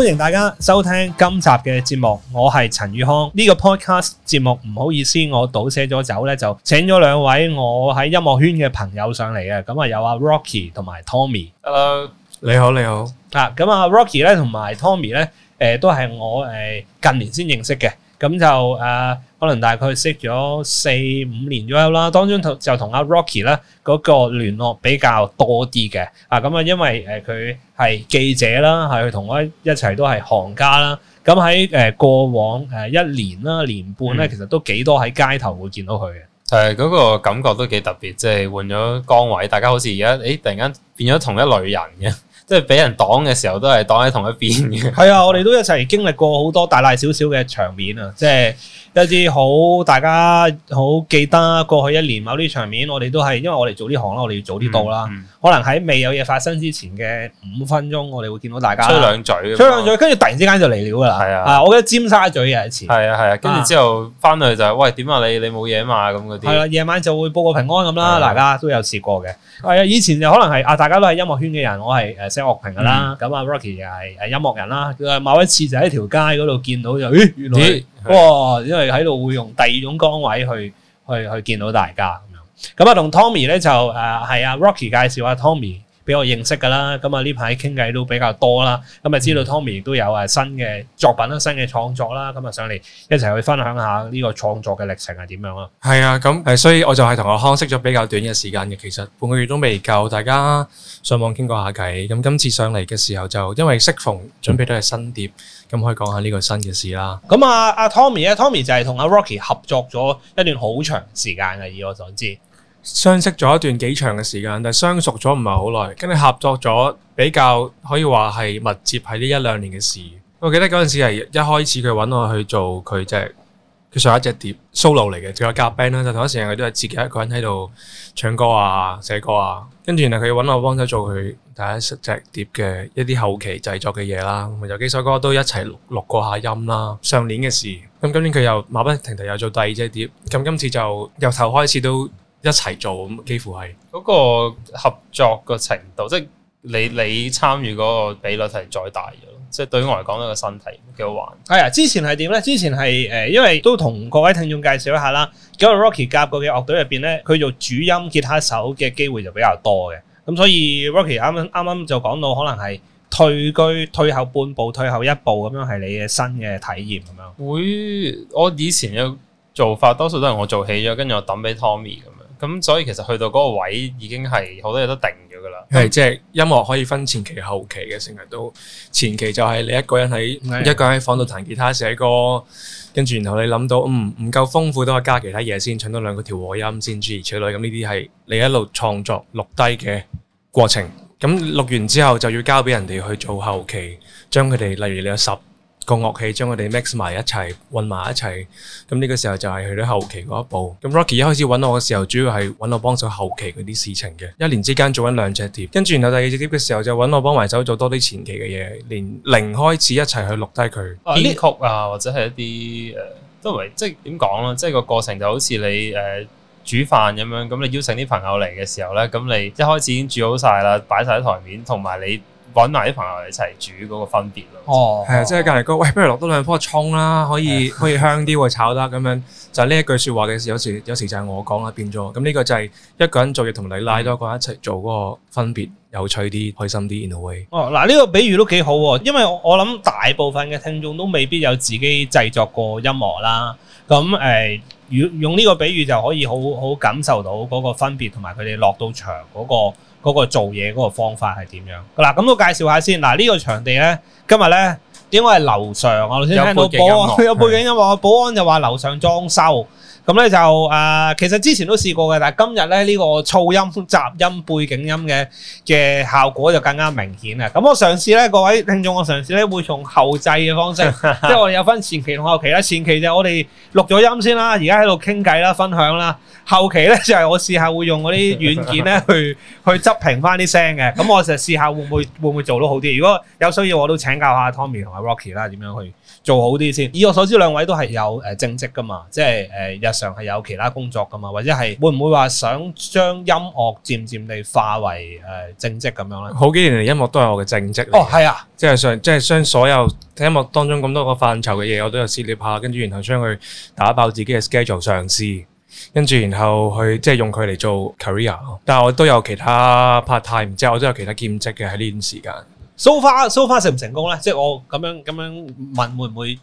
歡迎大家收聽今集嘅節目，我係陳宇康。呢個 podcast 節目唔好意思，我倒瀉咗走咧，就請咗兩位我喺音樂圈嘅朋友上嚟嘅，咁啊有阿 Rocky 同埋 Tomii，Hello，你好你好啊，咁啊 Rocky 咧同埋 Tomii 咧，誒、呃、都係我誒、呃、近年先認識嘅，咁就誒。呃可能大概識咗四五年左右啦，當中就同阿 Rocky 呢嗰個聯絡比較多啲嘅。啊，咁啊，因為誒佢係記者啦，係同我一齊都係行家啦。咁喺誒過往誒一年啦、年半咧，其實都幾多喺街頭會見到佢嘅。係嗰個感覺都幾特別，即係換咗崗位，大家好似而家誒突然間變咗同一類人嘅。 即係俾人擋嘅時候，都係擋喺同一邊嘅。係啊，我哋都一齊經歷過好多大大小小嘅場面啊！即係一啲好大家好記得過去一年某啲場面，我哋都係因為我哋做呢行啦，我哋要早啲到啦。嗯嗯可能喺未有嘢發生之前嘅五分鐘，我哋會見到大家。吹兩，吹兩嘴，吹兩嘴，跟住突然之間就嚟了㗎啦。係是啊，啊，我覺得尖沙咀有一次係啊係是啊，啊，跟住之後翻去就係喂，點啊，你你冇嘢嘛？咁嗰啲係啦，夜晚就會報個平安咁啦，是啊、大家都有試過嘅。係啊，以前就可能係啊，大家都係音樂圈嘅人，我係誒聲樂評嘅啦。咁啊 Rocky 又係音樂人啦。某一次就喺條街嗰度見到就咦、哎、原來哇咦、哦，因為喺度會用第二種崗位去去去見到大家。咁、就是、啊，同 Tomii 咧就誒係啊 Rocky 介紹阿 Tomii 畀我認識㗎啦。咁啊呢排傾偈都比較多啦。咁啊知道 Tomii 都有啊新嘅作品啦、新嘅創作啦。咁啊上嚟一齊去分享下呢個創作嘅歷程係點樣啊？係啊，咁誒，所以我就係同阿康識咗比較短嘅時間嘅，其實半個月都未夠。大家上網傾過下偈。咁今次上嚟嘅時候就因為適逢準備咗嘅新碟，咁可以講下呢個新嘅事啦。咁啊啊 Tomii 咧，Tomii 就係同阿 Rocky 合作咗一段好長時間嘅，以我所知。相識咗一段幾長嘅時間，但係相熟咗唔係好耐，跟你合作咗比較可以話係密接喺呢一兩年嘅事。我記得嗰陣時係一開始佢揾我去做佢隻佢上一隻碟 solo 嚟嘅，仲有夾 band 啦。就同一時間佢都係自己一個人喺度唱歌啊、寫歌啊。跟住原來佢揾我幫手做佢第一隻碟嘅一啲後期製作嘅嘢啦，咁就幾首歌都一齊錄錄過下音啦。上年嘅事，咁今年佢又馬不停蹄又做第二隻碟，咁今次就由頭開始都。一齊做咁，幾乎係嗰個合作嘅程度，即係你你參與嗰個比率係再大咗，即係對於我嚟講，一個身體幾好玩。係啊，之前係點咧？之前係誒、呃，因為都同各位聽眾介紹一下啦。咁 Rocky 加入嘅樂隊入邊咧，佢做主音吉他手嘅機會就比較多嘅。咁所以 Rocky 啱啱啱就講到，可能係退居、退後半步、退後一步咁樣的的，係你嘅新嘅體驗咁樣。會我以前嘅做法，多數都係我做起咗，跟住我抌俾 Tommy 咁所以其實去到嗰個位已經係好多嘢都定咗噶啦，係，即係音樂可以分前期後期嘅，成日都前期就係你一個人喺是的 一個人喺房度彈吉他寫歌，跟住然後你諗到嗯，唔夠豐富都可以加其他嘢先，唱多兩個調和音先，諸如此類咁呢啲係你一路創作錄低嘅過程。咁、嗯、錄完之後就要交俾人哋去做後期，將佢哋例如你有十。個樂器將佢哋 mix 埋一齊，混埋一齊，咁呢個時候就係去到後期嗰一步。咁 Rocky 一開始揾我嘅時候，主要係揾我幫手後期嗰啲事情嘅。一年之間做緊兩隻碟，跟住然後第二隻碟嘅時候就揾我幫埋手做多啲前期嘅嘢，連零開始一齊去錄低佢編曲啊，或者係一啲誒都唔係，即係點講咧？即係個過程就好似你誒、呃、煮飯咁樣，咁你邀請啲朋友嚟嘅時候呢，咁你一開始已經煮好晒啦，擺晒喺台面，同埋你。搵埋啲朋友一齊煮嗰個分別咯，係、哦、的啊，即係隔離哥，喂，不如落多兩棵葱啦，可以可以香啲喎，炒得咁樣，就呢、是、一句説話嘅時候，時有時就係我講啦，變咗咁呢個就係一個人做嘢同你拉多一個一齊做嗰個分別、嗯、有趣啲、開心啲，In a way，哦、啊，嗱、這、呢個比喻都幾好喎、啊，因為我諗大部分嘅聽眾都未必有自己製作過音樂啦，咁誒、呃，用用呢個比喻就可以好好感受到嗰個分別同埋佢哋落到場嗰、那個。嗰個做嘢嗰個方法係點樣？嗱、啊，咁我介紹一下先。嗱、啊，呢、呢個場地呢，今日咧，因為樓上我先聽到保安有背景音樂，保安就話樓上裝修。咁咧就啊，其實之前都試過嘅，但係今日咧呢個噪音、雜音、背景音嘅嘅效果就更加明顯啊！咁我嘗試咧，各位聽眾，我嘗試咧會從後製嘅方式，即係 我哋有分前期同後期啦。前期就我哋錄咗音先啦，而家喺度傾偈啦、分享啦。後期咧就係我試下會用嗰啲軟件咧去 去執平翻啲聲嘅。咁 我就試下會唔會會唔會做到好啲？如果有需要，我都請教下 Tomii 同阿 Rocky 啦，點樣去做好啲先。以我所知，兩位都係有誒正職噶嘛，即係誒。常係有其他工作噶嘛，或者係會唔會話想將音樂漸漸地化為誒、呃、正職咁樣咧？好幾年嚟、哦啊，音樂都係我嘅正職。哦，係啊，即係上，即係將所有音樂當中咁多個範疇嘅嘢，我都有涉獵下，跟住然後將佢打爆自己嘅 schedule 嘗試，跟住然後去即係用佢嚟做 career。但係我都有其他 part time，即係我都有其他兼職嘅喺呢段時間。So far，so far 成唔成功咧？即係我咁樣咁樣問會唔會？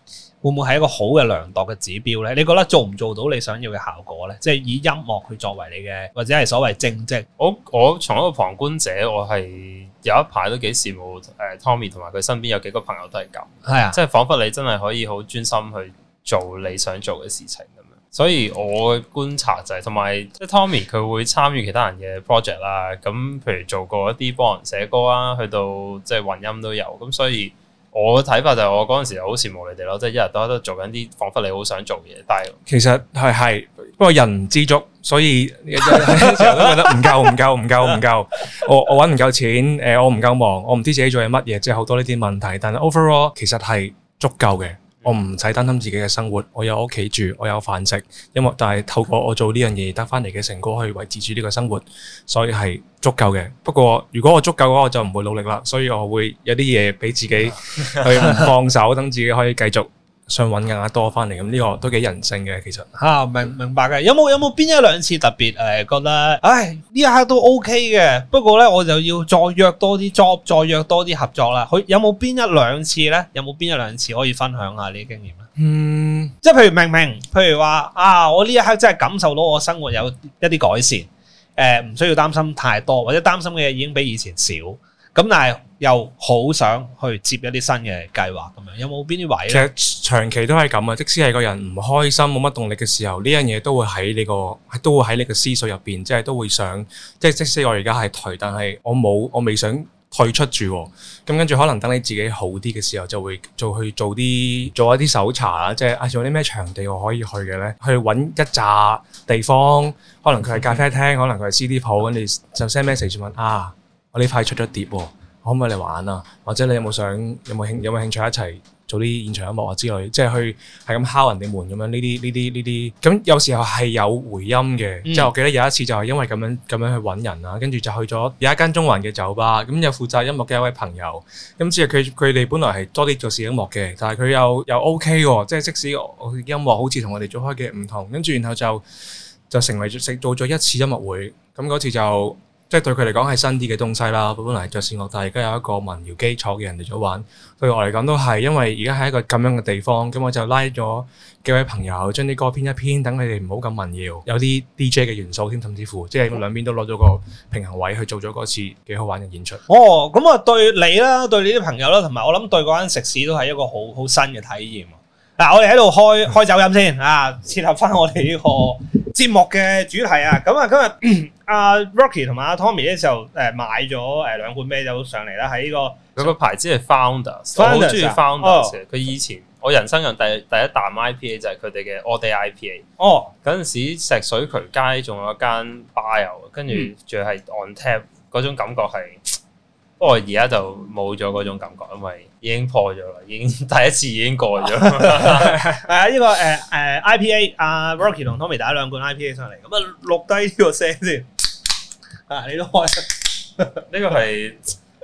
會唔會係一個好嘅量度嘅指標咧？你覺得做唔做到你想要嘅效果咧？即係以音樂去作為你嘅或者係所謂正職。我我從一個旁觀者，我係有一排都幾羨慕誒 Tommy 同埋佢身邊有幾個朋友都係咁。係啊，即係彷彿你真係可以好專心去做你想做嘅事情咁樣。所以我觀察就係同埋即係 Tommy 佢會參與其他人嘅 project 啦。咁譬如做過一啲幫人寫歌啊，去到即係混音都有。咁所以。我嘅睇法就係我嗰陣時就好羨慕你哋咯，即係一日都喺度做緊啲，仿佛你好想做嘢，但係其實係不過人唔知足，所以一直都覺得唔夠，唔夠，唔夠，唔夠。我我搵唔夠錢，我唔夠忙，我唔知自己做嘢乜嘢，即係好多呢啲問題。但係 overall 其實係足夠嘅。我唔使擔心自己嘅生活，我有屋企住，我有飯食，因為但係透過我做呢樣嘢得返嚟嘅成果去維持住呢個生活，所以係足夠嘅。不過如果我足夠嘅話，我就唔會努力啦，所以我會有啲嘢俾自己去放手，等自己可以繼續。想揾更加多翻嚟咁，呢個都幾人性嘅其實。嚇、啊，明白明白嘅。有冇有冇邊一兩次特別誒、哎？覺得，唉，呢一刻都 OK 嘅。不過咧，我就要再約多啲 job，再再約多啲合作啦。佢有冇邊一兩次咧？有冇邊一兩次可以分享下呢啲經驗咧？嗯，即係譬如明明，譬如話啊，我呢一刻真係感受到我生活有一啲改善，誒、呃，唔需要擔心太多，或者擔心嘅嘢已經比以前少。咁但係又好想去接一啲新嘅計劃咁樣，有冇邊啲位？其實長期都係咁啊！即使係個人唔開心、冇乜動力嘅時候，呢樣嘢都會喺你個，都會喺你個思緒入邊，即係都會想，即係即使我而家係退，但係我冇，我未想退出住。咁跟住可能等你自己好啲嘅時候，就會做去做啲做一啲搜查啦，即係啊，仲有啲咩場地我可以去嘅咧？去揾一紮地方，可能佢係咖啡廳，可能佢係 CD 鋪，跟住就 send message 問啊。我呢排出咗碟喎，可唔可以嚟玩啊？或者你有冇想有冇興有冇興趣一齊做啲現場音樂啊之類？即係去係咁敲人哋門咁樣呢啲呢啲呢啲。咁有時候係有回音嘅。嗯、即係我記得有一次就係因為咁樣咁樣去揾人啊，跟住就去咗有一間中環嘅酒吧。咁有負責音樂嘅一位朋友，咁即係佢佢哋本來係多啲做事音樂嘅，但係佢又又 OK 即係即使音樂好似同我哋做開嘅唔同，跟住然後就就成為咗，做咗一次音樂會。咁嗰次就。即係對佢嚟講係新啲嘅東西啦，本嚟係爵士樂，但係而家有一個民謠基礎嘅人嚟咗玩，對我嚟講都係，因為而家係一個咁樣嘅地方，咁我就拉咗幾位朋友，將啲歌編一編，等佢哋唔好咁民謠，有啲 DJ 嘅元素添，甚至乎即係兩邊都攞咗個平衡位去做咗嗰次幾好玩嘅演出。哦，咁啊，對你啦，對你啲朋友啦，同埋我諗對嗰間食肆都係一個好好新嘅體驗。嗱、啊，我哋喺度開開酒飲先啊，切合翻我哋呢個節目嘅主題啊。咁啊，今日阿、啊、Rocky 同埋阿 Tomii 咧，就誒買咗誒兩罐啤酒上嚟啦，喺呢、這個佢個牌子係 Founders，Founders? 我好中意 Founders 嘅。佢、哦、以前我人生人第第一啖 IPA 就係佢哋嘅 All Day IPA。哦，嗰陣時石水渠街仲有一間 bio 跟住仲係 on tap 嗰種感覺係，嗯、不過而家就冇咗嗰種感覺，因為。已經破咗啦，已經第一次已經過咗。係 啊，呢、啊、個誒誒 I P A 阿、啊、Rocky 同 Tommy 打咗兩罐 I P A 上嚟，咁啊錄低呢個聲先。啊，你都開心。呢 個係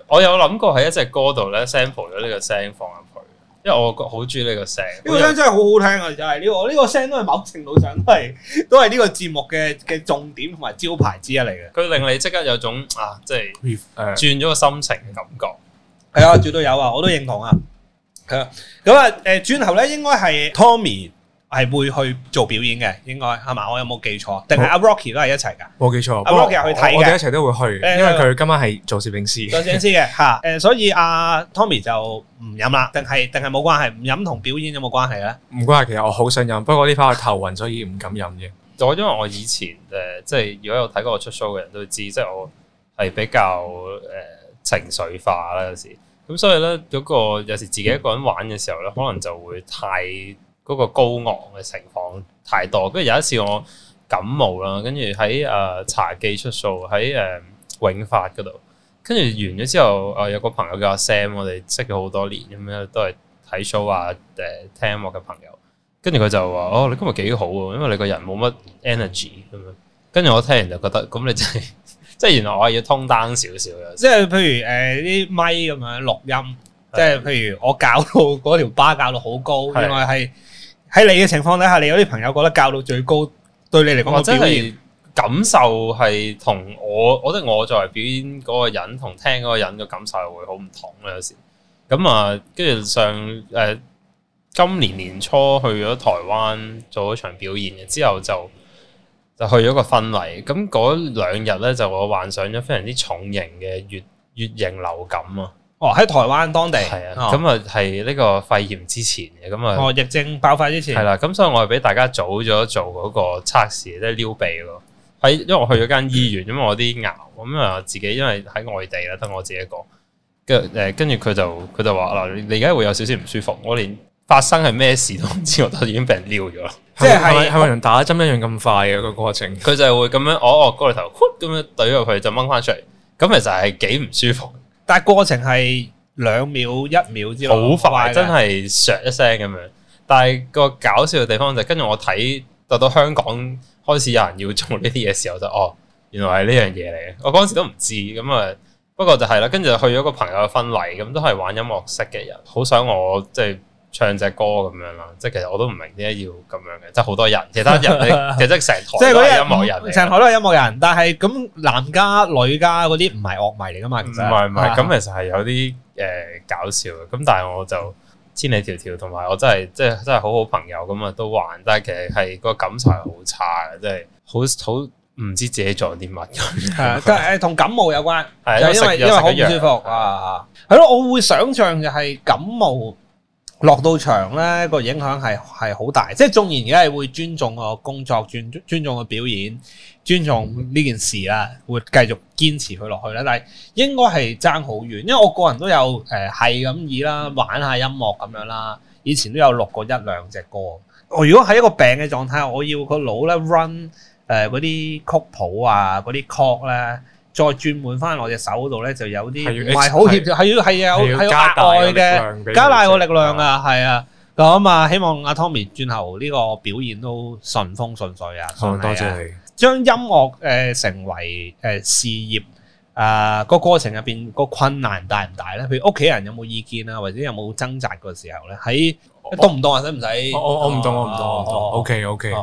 我有諗過喺一隻歌度咧 sample 咗呢個聲放入去。因為我好中意呢個聲。呢、啊這個聲真係好好聽啊！就係呢，我呢個聲都係某程度上都係都係呢個節目嘅嘅重點同埋招牌之一嚟嘅。佢 令你即刻有種啊，即係轉咗個心情嘅感覺。係啊，絕對有啊，我都認同啊。係啊，咁、嗯、啊，誒，轉頭咧，應該係 Tommy 係會去做表演嘅，應該係嘛？我有冇記錯？定係阿 Rocky 都係一齊噶？冇記錯，阿、啊、Rocky 去睇我哋一齊都會去，因為佢今晚係做攝影師，攝影師嘅吓。誒， 所以阿、啊、Tommy 就唔飲啦，定係定係冇關係？唔飲同表演有冇關係咧？唔關係，其實我好想飲，不過呢排我頭暈，所以唔敢飲啫。我 因為我以前誒、呃，即係如果有睇過我出 show 嘅人都會知，即係我係比較誒。呃情緒化啦，有時咁，所以咧嗰個有時自己一個人玩嘅時候咧，可能就會太嗰、那個高昂嘅情況太多。跟住有一次我感冒啦，跟住喺誒茶記出數喺誒永發嗰度，跟住完咗之後，誒、啊、有個朋友叫阿 Sam，我哋識咗好多年咁樣，都係睇 show 啊，誒聽我嘅朋友，跟住佢就話：哦，你今日幾好啊？因為你個人冇乜 energy 咁樣。跟住我聽完就覺得，咁你真、就、係、是。即係原來我係要通單少少嘅，即係譬如誒啲咪咁樣錄音，即係是的 譬如我教到嗰條巴教到好高，原來係喺你嘅情況底下，你有啲朋友覺得教到最高對你嚟講我表現感受係同我，我覺得我作為表演嗰個人同聽嗰個人嘅感受會好唔同嘅有時，咁啊，跟住上誒、啊、今年年初去咗台灣做咗場表演嘅之後就。就去咗個婚禮，咁嗰兩日咧就我患上咗非常之重型嘅乙乙型流感啊！哦，喺台灣當地，係啊，咁啊係呢個肺炎之前嘅，咁啊哦，疫症爆發之前係啦，咁、啊、所以我係俾大家早咗做嗰個測試，即係撩鼻咯。喺因為我去咗間醫院，嗯、因為我啲牙咁啊，自己因為喺外地啦，得我自己一個，跟誒跟住佢就佢就話啦，你而家會有少少唔舒服，我連，發生係咩事都唔知，我都已經俾人撩咗。即係係咪同打針一樣咁快嘅個過程？佢 就係會咁樣，哦哦，過嚟頭咁樣懟入去就掹翻出嚟。咁其實係幾唔舒服，但係過程係兩秒一秒之內，好快，真係削一聲咁樣。但係個搞笑嘅地方就係跟住我睇到到香港開始有人要做呢啲嘢時候，就哦，原來係呢樣嘢嚟嘅。我嗰陣時都唔知咁啊。不過就係、是、啦，跟住去咗個朋友嘅婚禮，咁都係玩音樂識嘅人，好想我即係。唱隻歌咁樣啦，即係其實我都唔明點解要咁樣嘅，即係好多人，其他人咧，其實 即係成台都係音樂人，人，成台都係音樂人。但係咁男家女家嗰啲唔係樂迷嚟噶嘛？唔係唔係，咁其實係 有啲誒、呃、搞笑嘅。咁但係我就千里迢迢，同埋我真係即係真係好好朋友咁啊，都還。但係其實係個感受係好差嘅，即係好好唔知自己做啲乜咁。係同感冒有關，的因為因為好唔舒服啊。係咯的，我會想象就係感冒。落到場咧，個影響係係好大，即係縱然而家係會尊重個工作、尊尊重個表演、尊重呢件事啦，會繼續堅持佢落去啦。但係應該係爭好遠，因為我個人都有誒係咁意啦，呃、玩下音樂咁樣啦，以前都有錄過一兩隻歌。我如果喺一個病嘅狀態，我要個腦咧 run 誒嗰啲曲譜啊，嗰啲曲咧。呃再轉換翻我隻手度咧，就有啲唔係好協調，係要係啊，係要額外嘅加大個力量啊，係啊，咁啊，希望阿 Tomii 轉頭呢個表現都順風順水啊！多謝你。將音樂誒成為誒事業啊個過程入邊個困難大唔大咧？譬如屋企人有冇意見啊，或者有冇掙扎個時候咧？喺動唔動啊？使唔使？我我唔動，我唔動，OK OK，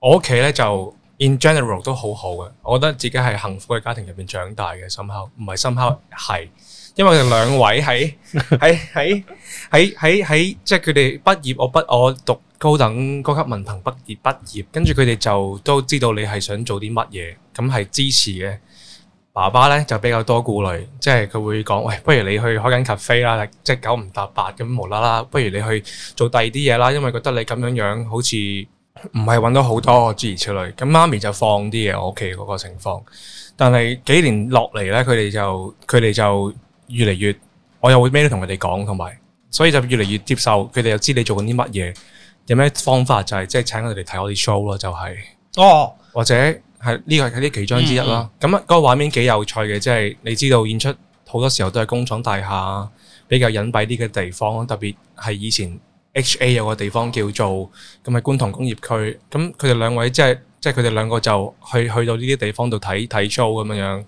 我屋企咧就。In general 都好好嘅，我覺得自己係幸福嘅家庭入邊長大嘅，深刻唔係深刻，係因為兩位喺喺喺喺喺喺，即係佢哋畢業，我畢我讀高等高級文憑畢業畢業，跟住佢哋就都知道你係想做啲乜嘢，咁係支持嘅。爸爸咧就比較多顧慮，即係佢會講：喂，不如你去開緊 cafe 啦，即係九唔搭八咁無啦啦，不如你去做第二啲嘢啦，因為覺得你咁樣樣好似。唔係揾到好多資源之類，咁媽咪就放啲嘢我屋企嗰個情況，但係幾年落嚟咧，佢哋就佢哋就越嚟越，我又會咩都同佢哋講，同埋所以就越嚟越接受，佢哋又知你做緊啲乜嘢，有咩方法就係即係請佢哋睇我啲 show 咯，就係、是、哦，或者係呢個係啲其中之一啦。咁啊、mm，嗰、hmm. 個畫面幾有趣嘅，即、就、係、是、你知道演出好多時候都係工廠大廈，比較隱蔽啲嘅地方，特別係以前。Ha 有個地方叫做，咁係觀塘工業區，咁佢哋兩位即係，即係佢哋兩個就去去到呢啲地方度睇睇 show 咁樣樣，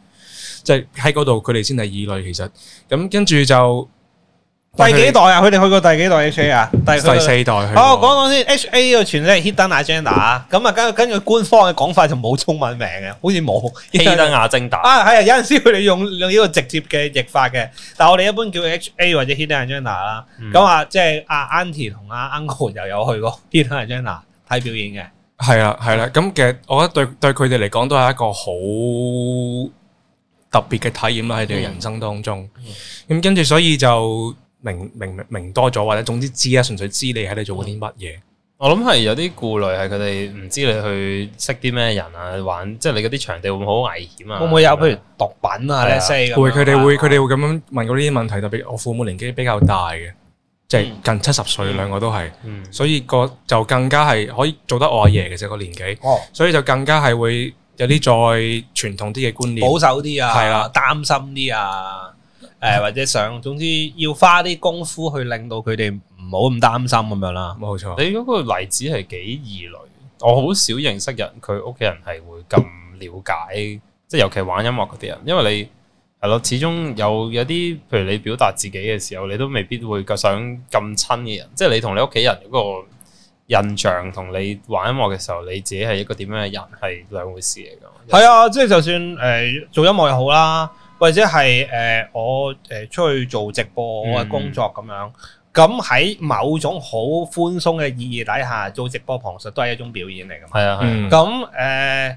即係喺嗰度佢哋先係異類，其實，咁跟住就。第幾代啊？佢哋去過第幾代 HA 啊？第四代去。哦，講講先，HA 個全名係 Hidden Agenda，咁啊跟跟住官方嘅講法就冇中文名嘅，好似冇。Hidden Agenda 啊，係啊，有陣時佢哋用用呢個直接嘅譯法嘅，但係我哋一般叫 HA 或者 Hidden Agenda 啦、嗯嗯。咁啊，即係阿 Aunty 同阿 Uncle 又有去過 Hidden Agenda 睇表演嘅。係啊，係啦，咁其實我覺得對對佢哋嚟講都係一個好特別嘅體驗啦喺佢哋人生當中。咁、嗯嗯、跟住所以就。明明明多咗或者總之知啊，純粹知你喺度做過啲乜嘢。我諗係有啲顧慮係佢哋唔知你去識啲咩人啊，玩即係你嗰啲場地會唔會好危險啊？會唔會有吧譬如毒品啊呢、啊、會佢哋會佢哋、啊、會咁樣問過呢啲問題。特別我父母年紀比較大嘅，即係、嗯、近七十歲，兩、嗯、個都係，嗯、所以、那個就更加係可以做得我阿爺嘅啫個年紀。哦，所以就更加係會有啲再傳統啲嘅觀念，保守啲啊，係啦，擔心啲啊。誒或者想，總之要花啲功夫去令到佢哋唔好咁擔心咁樣啦。冇錯，你嗰個例子係幾異類，我好少認識人，佢屋企人係會咁了解，即係尤其玩音樂嗰啲人，因為你係咯，始終有有啲，譬如你表達自己嘅時候，你都未必會想咁親嘅人，即係你同你屋企人嗰個印象，同你玩音樂嘅時候，你自己係一個點樣嘅人，係兩回事嚟㗎。係啊、嗯，即係就算誒、呃、做音樂又好啦。或者係誒、呃，我誒、呃、出去做直播，我嘅工作咁樣，咁喺某種好寬鬆嘅意義底下做直播旁述，都係一種表演嚟噶嘛係啊、嗯，係。咁、呃、誒，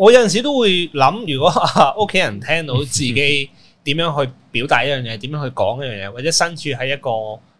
我有陣時都會諗，如果屋企人聽到自己點樣去表達一樣嘢，點、嗯、樣去講一樣嘢，或者身處喺一個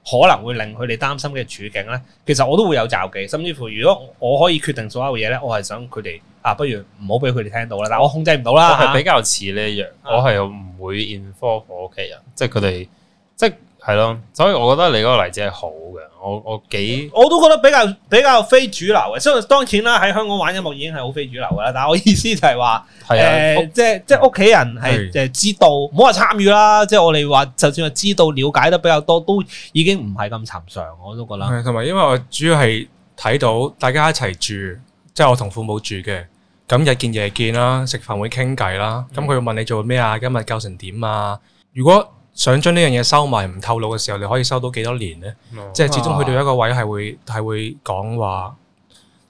可能會令佢哋擔心嘅處境咧，其實我都會有焦慮。甚至乎，如果我可以決定所有嘢咧，我係想佢哋。啊，不如唔好俾佢哋聽到啦！但我控制唔到啦。我係比較似呢一樣，嗯、我係唔會 inform 我屋企人，即係佢哋，即係係咯。所以我覺得你嗰個例子係好嘅。我我幾我都覺得比較比較非主流嘅。雖然當然啦喺香港玩音樂已經係好非主流啦，但係我意思就係話，誒、啊呃、即係即係屋企人係誒知道，唔好話參與啦。即係我哋話，就算係知道，瞭解得比較多，都已經唔係咁尋常。我都覺得。同埋因為我主要係睇到大家一齊住，即係我同父母住嘅。咁日見夜見啦，食飯會傾偈啦，咁佢會問你做咩啊？今日教成點啊？如果想將呢樣嘢收埋唔透露嘅時候，你可以收到幾多年呢？嗯、即係始終去到一個位係會係會講話，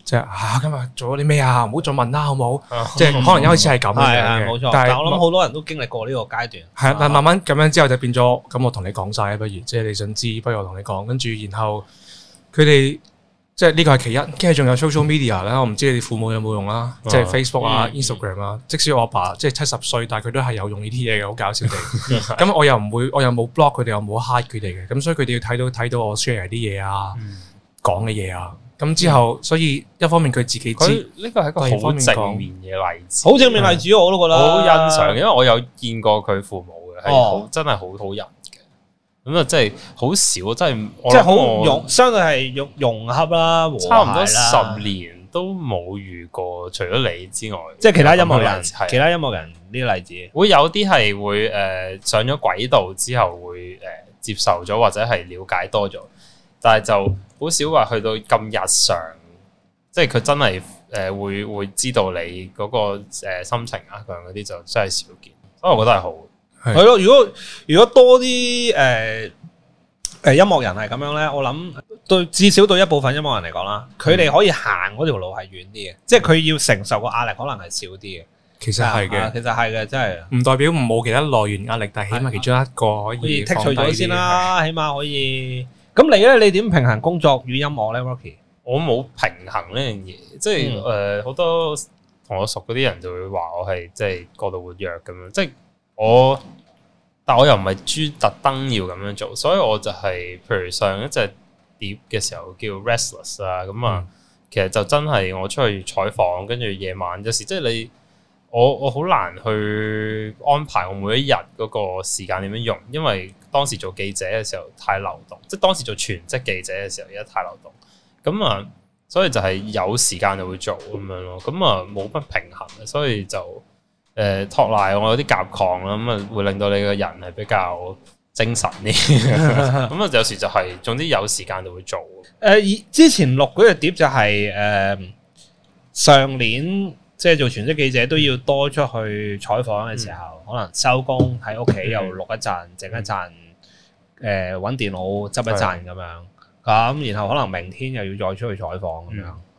即係啊今日做咗啲咩啊？唔好再問啦，好唔好？嗯、即係可能有一次係咁嘅樣嘅，但係我諗好多人都經歷過呢個階段。係啊、嗯，但係慢慢咁樣之後就變咗，咁我同你講晒啊，不如即係你想知，不如我同你講，跟住然後佢哋。即係呢個係其一，跟住仲有 social media 咧，我唔知你父母有冇用啦，即係 Facebook 啊、Instagram 啊。即使我阿爸即係七十歲，但係佢都係有用呢啲嘢嘅，好搞笑地。咁、嗯、 我又唔會，我又冇 block 佢哋，又冇 hide 佢哋嘅。咁所以佢哋要睇到睇到我 share 啲嘢啊，講嘅嘢啊。咁之後，所以一方面佢自己知，知呢、嗯、個係一個好正面嘅例子，好正面例子我都覺得好欣賞，因為我有見過佢父母嘅，係好、啊、真係好好人。咁啊，真係好少，真、就、係、是、即係好融，我相對係融融合啦，差唔多十年都冇遇過，除咗你之外，即係其他音樂人，其他音樂人呢啲例子，會有啲係會誒、呃、上咗軌道之後會誒、呃、接受咗或者係了解多咗，但係就好少話去到咁日常，即係佢真係誒會、呃、會知道你嗰、那個誒、呃、心情啊，咁樣嗰啲就真係少見，所以我覺得係好。係咯，如果如果多啲誒誒音樂人係咁樣咧，我諗對至少對一部分音樂人嚟講啦，佢哋可以行嗰條路係遠啲嘅，嗯、即係佢要承受嘅壓力可能係少啲嘅。其實係嘅，其實係嘅，真係唔代表冇其他來源壓力，但係起碼其中一個可以,可以剔除咗先啦，起碼可以。咁你咧，你點平衡工作與音樂咧，Rocky？我冇平衡呢樣嘢，即係誒，好、嗯呃、多同我熟嗰啲人就會話我係即係過度活躍咁樣，即係。我，但我又唔係專特登要咁樣做，所以我就係，譬如上一隻碟嘅時候叫 Restless 啊，咁啊，其實就真係我出去採訪，跟住夜晚有時，即、就、係、是、你，我我好難去安排我每一日嗰個時間點樣用，因為當時做記者嘅時候太流動，即係當時做全職記者嘅時候，而家太流動，咁啊，所以就係有時間就會做咁樣咯、啊，咁啊冇乜平衡，所以就。誒託賴我有啲甲亢啦，咁啊會令到你個人係比較精神啲。咁啊有時就係，總之有時間就會做。誒之前錄嗰隻碟就係、是、誒、uh, 上年，即係做全職記者都要多出去採訪嘅時候，嗯、可能收工喺屋企又錄一陣整一陣，誒、呃、揾電腦執一陣咁樣。咁是的 然後可能明天又要再出去採訪咁樣。嗯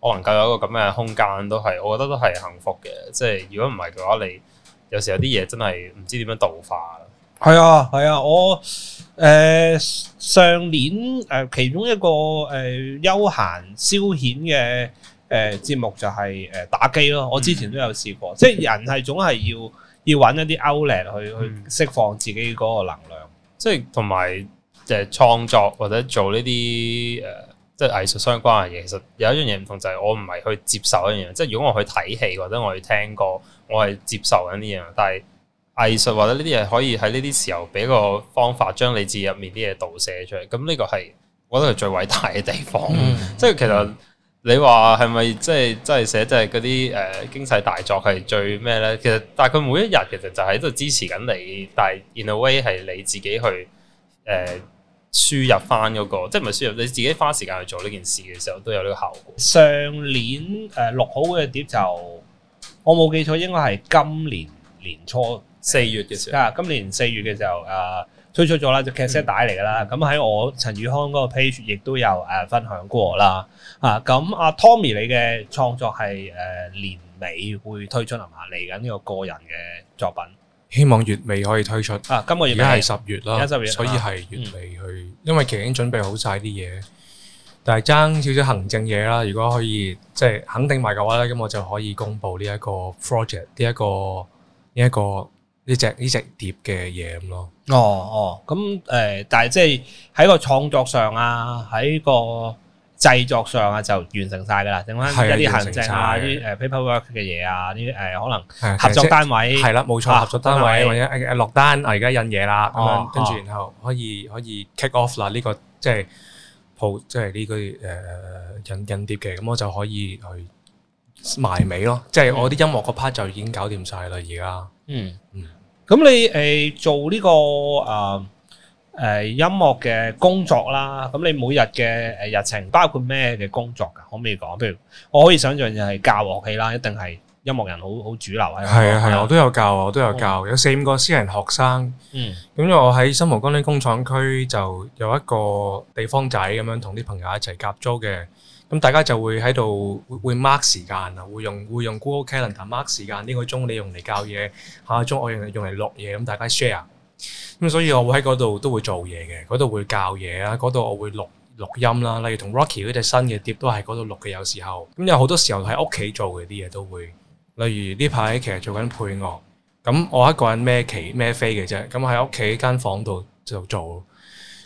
我能夠有一個咁嘅空間，都係我覺得都係幸福嘅。即係如果唔係嘅話，你有時候有啲嘢真係唔知點樣度化。係啊，係啊，我誒、呃、上年誒、呃、其中一個誒、呃、休閒消遣嘅誒、呃、節目就係、係、誒、呃、打機咯。我之前都有試過，嗯、即係人係總係要要揾一啲 outlet 去、嗯、去釋放自己嗰個能量，即係同埋誒創作或者做呢啲誒。呃即係藝術相關嘅嘢，其實有一樣嘢唔同就係、是、我唔係去接受一樣嘢，即係如果我去睇戲或者我去聽歌，我係接受緊呢樣。但係藝術或者呢啲嘢可以喺呢啲時候俾個方法，將你自己入面啲嘢倒寫出嚟。咁呢個係我覺得係最偉大嘅地方。嗯、即係其實你話係咪即係即係寫即係嗰啲誒驚世大作係最咩咧？其實但係佢每一日其實就喺度支持緊你，但係 in a way 係你自己去誒。呃輸入翻、那、嗰個，即係唔係輸入你自己花時間去做呢件事嘅時候，都有呢個效果。上年誒錄、呃、好嘅碟就我冇記錯，應該係今年年初四月嘅時候、啊。今年四月嘅時候誒、呃、推出咗啦，就 cast 帶嚟噶啦。咁喺我陳宇康嗰個 page 亦都有誒、呃、分享過啦。啊，咁阿、啊、Tomii 你嘅創作係誒、呃、年尾會推出係下嚟緊呢個個人嘅作品。希望月尾可以推出啊！今個月而家係十月啦，而家十月，所以係月尾去，啊、因為其實已經準備好晒啲嘢，嗯、但係爭少少行政嘢啦。如果可以，即、就、係、是、肯定埋嘅話咧，咁我就可以公布呢一個 project，呢、這、一個呢一、這個呢隻呢隻碟嘅嘢咁咯。哦哦，咁誒、呃，但係即係喺個創作上啊，喺個。製作上啊就完成曬噶啦，剩翻一啲行政啊、啲誒 paperwork 嘅嘢啊、啲誒、呃、可能合作單位係啦，冇錯、就是、合作單位或者落單，嗯、我而家印嘢啦，咁、啊、樣跟住然後可以可以 kick off 啦，呢、呢個即係鋪即係呢、呢個誒印印碟嘅，咁我就可以去埋尾咯。即係我啲音樂個 part 就已經搞掂晒啦，而家嗯嗯，咁、嗯嗯、你誒、呃、做呢、呢個啊？呃嗯誒音樂嘅工作啦，咁你每日嘅誒日程包括咩嘅工作噶？可唔可以講？譬如我可以想象就係教樂器啦，一定係音樂人好好主流啊。係啊係啊，我都有教，我都有教，有四五個私人學生。嗯，咁、嗯、因為我喺新蒲崗的工廠區就有一個地方仔咁樣同啲朋友一齊夾租嘅，咁大家就會喺度會 mark 時間啊，會用會用 Google Calendar mark 時間，呢、呢個鐘你用嚟教嘢，下個鐘我用嚟用嚟錄嘢，咁大家 share。咁、嗯、所以我會喺嗰度都會做嘢嘅，嗰度會教嘢啦，嗰度我會錄錄音啦，例如同 Rocky 嗰隻新嘅碟都喺嗰度錄嘅，有時候咁有好多時候喺屋企做嘅啲嘢都會，例如呢排其實做緊配樂，咁我一個人咩騎咩飛嘅啫，咁喺屋企間房度就做，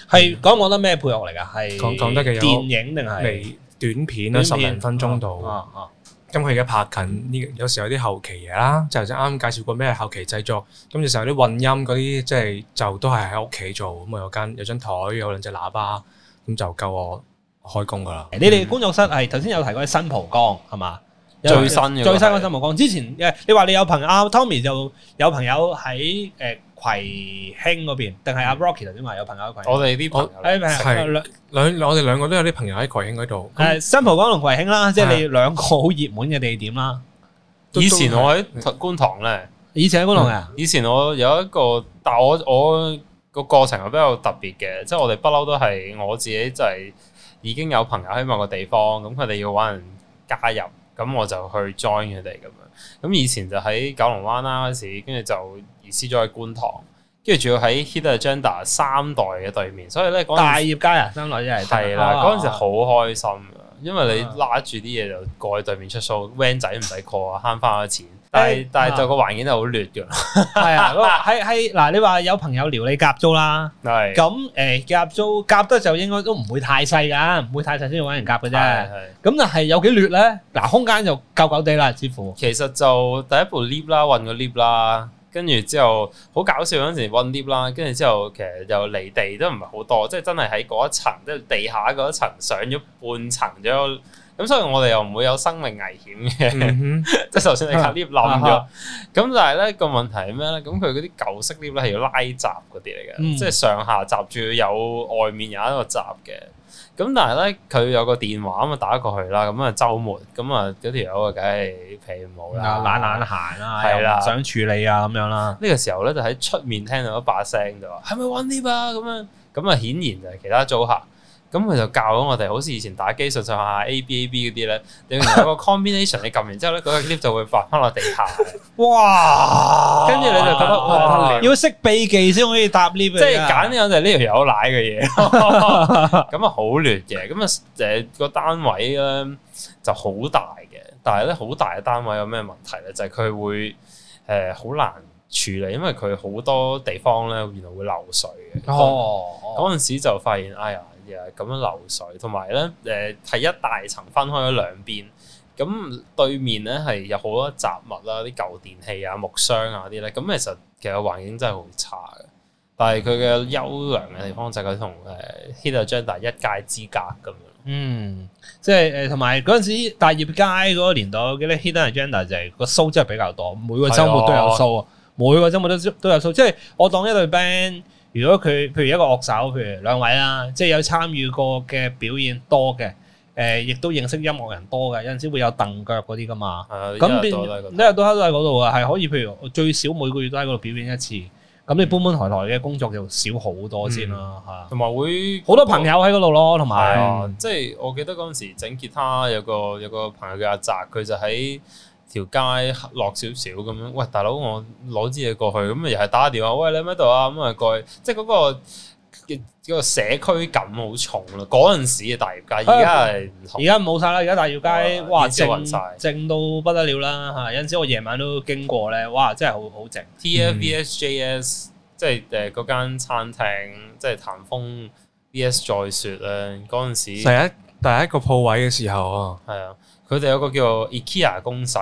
係講唔講得咩配樂嚟㗎？係講講得嘅，電影定係短片啦，十零片分鐘到。啊啊啊咁佢而家拍緊呢，有時候有啲後期嘢啦，即係啱啱介紹過咩後期製作，咁有時候啲混音嗰啲，即係就都係喺屋企做，咁啊有間有張枱，有兩隻喇叭，咁就夠我開工噶啦。你哋工作室係頭先有提過喺新蒲崗係嘛？最新嘅、就係、最新嘅新蒲崗，之前你話你有朋友 Tommy 就有朋友喺誒。呃葵興嗰邊，定係阿 Rocky 頭先話有朋友喺葵興。我哋啲朋友，兩兩，我哋兩個都有啲朋友喺葵興嗰度。係的那新蒲崗同葵興啦，的即係你兩個好熱門嘅地點啦。以前我喺觀塘咧，以前喺觀塘啊、嗯。以前我有一個，但係我我個過程係比較特別嘅，即、就、係、是、我哋不嬲都係我自己就係已經有朋友喺某個地方，咁佢哋要搵人加入，咁我就去 join 佢哋咁樣。咁以前就喺九龍灣啦，嗰時跟住就。而師咗喺觀塘，跟住仲要喺 Hidden Agenda 三代嘅對面，所以咧大業街啊三代一係係啦，嗰陣時好開心，因為你拉住啲嘢就過去對面出 show，van 仔唔使過啊，慳翻咗好多錢。但係但係就個環境係好劣㗎，係啊嗱，係係嗱，你話有朋友撩你夾租啦，係咁誒夾租夾得就應該都唔會太細㗎，唔會太細先要揾人夾嘅啫。咁就係有幾劣咧？嗱，空間就夠夠地啦，似乎其實就第一部 lift 啦，運個 lift 啦，跟住之後好搞笑嗰陣時，搵 lift 啦，跟住之後其實又離地都唔係好多，即係真係喺嗰一層，即係地下嗰一層上咗半層咗，咁所以我哋又唔會有生命危險嘅，嗯、哼 即係就算你卡 lift 冧咗，咁、啊啊、但係咧個問題係咩咧？咁佢嗰啲舊式 lift 咧係要拉閘嗰啲嚟嘅，嗯、即係上下閘住有外面有一個閘嘅。咁但係咧，佢有個電話咁啊打過去啦，咁啊週末，咁啊嗰條友啊梗係皮毛啦，懶懶閒啦、啊，唔想處理啊咁樣啦。呢個時候咧就喺出面聽到一把聲就話係咪 one l e 咁樣？咁啊顯然就係其他租客。咁佢就教咗我哋，好似以前打機上上下下 A B A B 嗰啲咧，你係一個 combination，你撳完之後咧，嗰、那個 lift 就會滑翻落地下哇、啊。哇！跟住你就覺得要識秘技先可以搭 lift，即係揀樣就呢條有奶嘅嘢。咁 啊，好亂嘅。咁啊，誒個單位咧就好大嘅。但係咧，好大嘅單位有咩問題咧？就係、是、佢會誒好、呃、難處理，因為佢好多地方咧原來會漏水嘅。哦，嗰、哦、時就發現，哎呀、呃、～咁樣流水，同埋咧誒係一大層分開咗兩邊，咁對面咧係有好多雜物啦、啲舊電器啊、木箱啊啲咧，咁其實其實環境真係好差嘅。但係佢嘅優良嘅地方就係佢同誒 Hidden Agenda 一街之隔咁樣。嗯，即係誒同埋嗰陣時大業街嗰個年代、就是，我記得 Hidden Agenda 就係個 show 真係比較多，每個周末都有 show，是、啊、每個周末都都有 show。即係我當一隊 band。如果佢，譬如一個樂手，譬如兩位啦，即係有參與過嘅表演多嘅，誒、呃，亦都認識音樂人多嘅，有陣時會有凳腳嗰啲噶嘛。咁啊，一變日都喺嗰度。啊，係可以，譬如最少每個月都喺嗰度表演一次。咁你搬搬抬抬嘅工作就少好多先啦，係，同埋會好多朋友喺嗰度咯，同埋。即係、啊就係、我記得嗰陣時整吉他有個有個朋友叫阿澤，佢就喺，條街落少少咁樣，喂大佬，我攞支嘢過去，咁又係打個電話，喂你喺邊度啊？咁啊過去，即係嗰、那個、那個社區感好重咯。嗰陣時嘅大業街，而家係而家冇晒啦。而家、哎、大業街哇，哇正正到不得了啦！吓有陣時我夜晚都經過咧，哇，真係好好正。T F B S J、嗯、S，即係誒嗰間餐廳，即係譚風 B S 再說咧。嗰陣時第一第一個鋪位嘅時候啊，係啊。佢哋有一個叫 IKEA 公式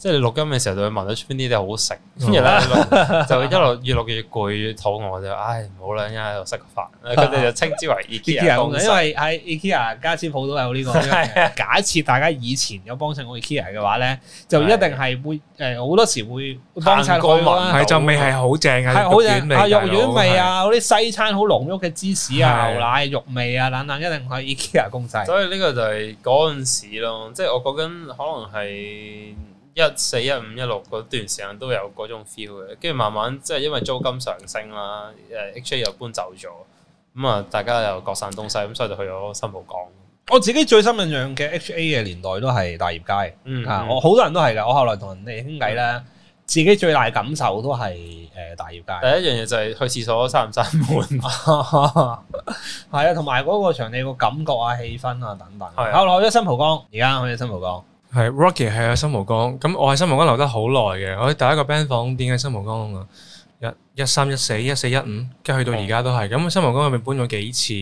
即係錄音嘅時候，就會聞到出邊啲好食。跟住咧就一路越錄越攰，越肚餓就唉，唔好啦，而家喺度食個飯。佢哋就稱之為 IKEA 公仔，因為喺 IKEA 家私鋪都有呢個。假設大家以前有幫襯我 IKEA 嘅話咧，就一定係會誒好多時會幫襯佢啦。係就味係好正嘅，好正。肉丸味啊，嗰啲西餐好濃郁嘅芝士啊、牛奶肉味啊，等等，一定係 IKEA 公仔。所以呢個就係嗰陣時咯，即係我講緊可能係。一四一五、一六嗰段時間都有嗰種 feel 嘅，跟住慢慢即係因為租金上升啦，誒，H A 又搬走咗，咁啊，大家又各散東西，咁所以就去咗新蒲崗。我自己最深印象嘅 H A 嘅年代都係大業街，嗯，嗯啊，我好多人都係噶，我後來同人哋傾偈咧，自己最大感受都係誒大業街。第一樣嘢就係去廁所閂唔閂門，係啊，同埋嗰個場地個感覺啊、氣氛啊等等。後來去咗新蒲崗，而家去咗新蒲崗。係 Rocky 係喺新蒲崗，咁我喺新蒲崗留得好耐嘅。我第一個 band 房點解新蒲崗啊？一一三一四一四一五，跟住去到而家都係。咁新蒲崗我咪搬咗幾次。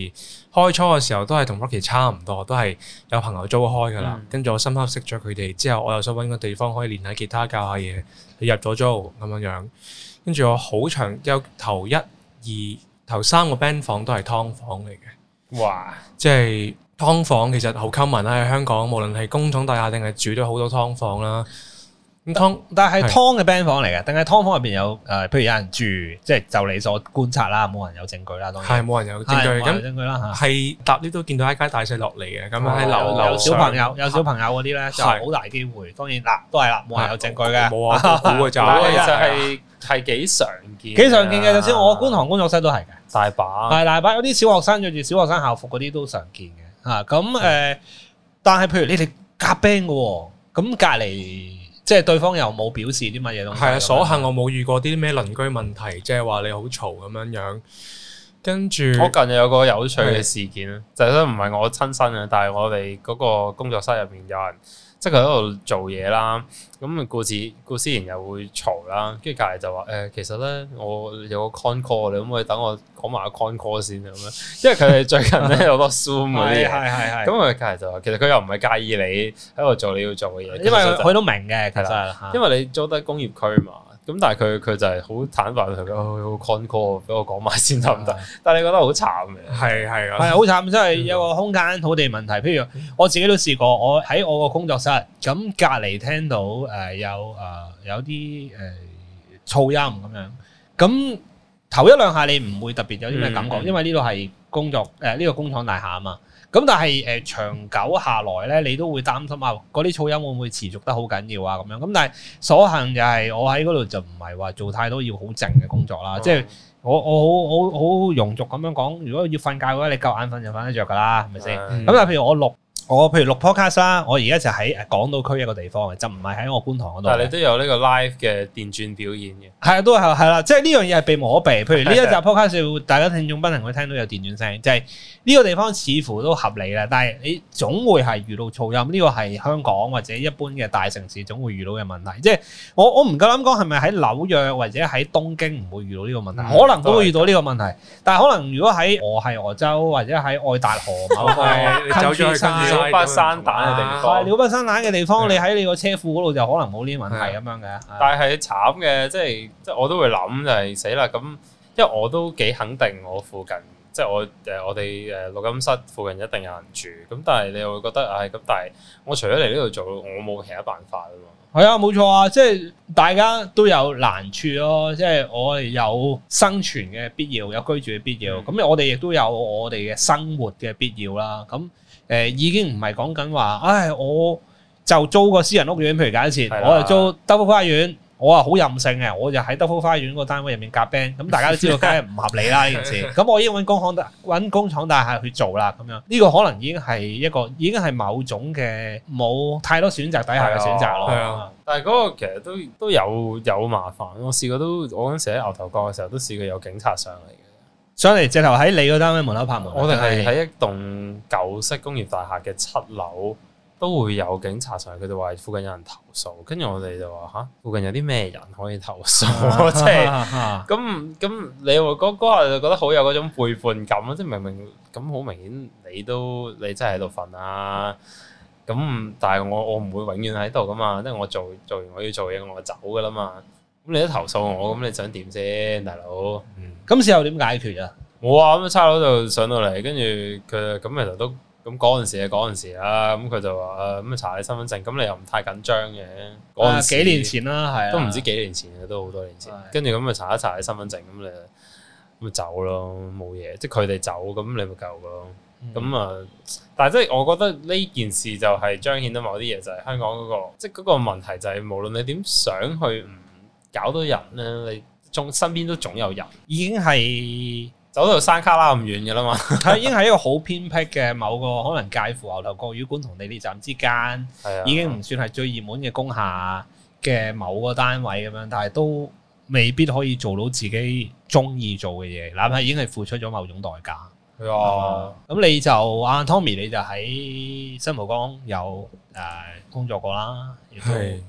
開初嘅時候都係同 Rocky 差唔多，都係有朋友租開㗎啦。跟住、嗯、我深刻識咗佢哋之後，我又想揾個地方可以練下吉他，教下嘢。入咗租咁樣樣，跟住我好長有頭一二頭三個 band 房都係劏房嚟嘅。哇！即係。劏房其實好 common 啦，喺香港，無論係工廠大廈定係住咗好多劏房啦。咁但係劏嘅 band 房嚟嘅，定係劏房入邊有誒？譬如有人住，即係就你所觀察啦，冇人有證據啦。當然係冇人有證據咁證據啦。係搭呢都見到一間大細落嚟嘅，咁喺樓樓有小朋友，有小朋友嗰啲咧就好大機會。當然嗱，都係啦，冇人有證據嘅，冇啊，冇嘅就係其實係幾常見，幾常見嘅。就算我觀塘工作室都係嘅，大把係大把有啲小學生着住小學生校服嗰啲都常見嘅。啊，咁、嗯、誒，嗯、但係譬如你哋夾 b 嘅喎，咁隔離即係對方又冇表示啲乜嘢咁，係啊，所幸我冇遇過啲咩鄰居問題，即係話你好嘈咁樣樣，跟住我近有個有趣嘅事件咧，的就都唔係我親身嘅，但係我哋嗰個工作室入面有人。即係佢喺度做嘢啦，咁顧子顧思然又會嘈啦，跟住隔籬就話誒、呃，其實咧我有個 concall，你可唔可以等我講埋個 concall 先咁咧？因為佢哋最近咧有好多 zoom 嗰啲嘢，係係係。咁佢隔籬就話，其實佢又唔係介意你喺度做你要做嘅嘢，就是、因為佢都明嘅，係啦，因為你租得工業區嘛。咁但係佢佢就係好坦白同佢，我要 control，俾我講埋先得唔得？啊、但係你覺得好慘嘅，係係啊，係好慘，即係有個空間土地問題。譬如我自己都試過，我喺我個工作室，咁隔籬聽到誒、呃、有誒、呃、有啲誒噪音，咁樣，咁頭一兩下你唔會特別有啲咩感覺，嗯、因為呢度係工作誒呢個工廠大廈啊嘛。咁但係誒、呃、長久下來咧，你都會擔心啊，嗰啲噪音會唔會持續得好緊要啊咁樣？咁但係所幸就係我喺嗰度就唔係話做太多要好靜嘅工作啦，嗯、即係我我好好好庸俗咁樣講，如果要瞓覺嘅話，你夠眼瞓就瞓得着噶啦，係咪先？咁、嗯、但係譬如我錄。我譬如錄 podcast 我而家就喺港島區一個地方嘅，就唔係喺我觀塘嗰度。但你都有呢個 live 嘅電轉表演嘅？係啊，都係係啦，即係呢樣嘢係避無可避。譬如呢一集 podcast 會，大家聽眾不停會聽到有電轉聲，就係呢個地方似乎都合理啦。但係你總會係遇到噪音，呢個係香港或者一般嘅大城市總會遇到嘅問題。嗯、即係我我唔夠膽講係咪喺紐約或者喺東京唔會遇到呢個問題，嗯、可能都會遇到呢個問題。當然 但係可能如果喺俄亥俄州或者喺愛達荷，某區，你走咗去街。鳥不生蛋嘅地方，鳥不生蛋嘅地方，你喺你個車庫嗰度就可能冇呢啲問題咁樣嘅。但係慘嘅，即係即係我都會諗就係死啦。咁因為我都幾肯定，我附近即係、就是、我誒，我哋誒錄音室附近一定有人住。咁但係你又會覺得，唉咁。但係我除咗嚟呢度做，我冇其他辦法啊嘛。係啊，冇錯啊，即、就、係、是、大家都有難處咯。即、就、係、是、我哋有生存嘅必要，有居住嘅必要。咁我哋亦都有我哋嘅生活嘅必要啦。咁誒、呃、已經唔係講緊話，唉！我就租個私人屋苑，譬如假設的，我又租德福花園，我啊好任性嘅，我就喺德福花園個單位入面夾 band，咁、嗯、大家都知道梗係唔合理啦呢件事。咁 我已經揾工行、揾工廠大廈去做啦，咁樣呢、這個可能已經係一個已經係某種嘅冇太多選擇底下嘅選擇咯。嗯、但係嗰個其實都都有有麻煩，我試過都我嗰陣時喺牛頭角嘅時候都試過有警察上嚟嘅。上嚟直頭喺你個單位門口拍門，我哋係喺一棟舊式工業大廈嘅七樓，都會有警察上嚟。佢哋話附近有人投訴，跟住我哋就話吓，附近有啲咩人可以投訴？啊、即係咁咁，啊啊、你我嗰嗰日就覺得好有嗰種背叛感，即係明明咁好明顯，你都你真係喺度瞓啊！咁但係我我唔會永遠喺度噶嘛，即係我做做完我要做嘢，我就走噶啦嘛。咁你都投訴我，咁你想點先，大佬？嗯咁事後點解決啊？冇啊、哦，咁差佬就上到嚟，跟住佢咁其實都咁嗰陣時啊，嗰陣時啊，咁佢就話，咁查你身份證，咁你又唔太緊張嘅。啊，幾年前啦，係都唔知幾年前嘅，都好多年前。跟住咁咪查一查你身份證，咁你咁咪走咯，冇嘢。即係佢哋走，咁你咪夠咯。咁啊、嗯，但係即係我覺得呢件事就係彰顯到某啲嘢，就係、是、香港嗰、那個，即係嗰個問題就係、是、無論你點想去唔搞到人咧，你。身邊都總有人，已經係走到山卡拉咁遠嘅啦嘛， 已經係一個好偏僻嘅某個可能介乎牛頭角魚館同地鐵站之間，啊、已經唔算係最熱門嘅工廈嘅某個單位咁樣，但係都未必可以做到自己鍾意做嘅嘢，哪怕已經係付出咗某種代價。係咁、啊啊啊、你就阿、啊、Tommy，你就喺新蒲崗有誒、呃、工作過啦，係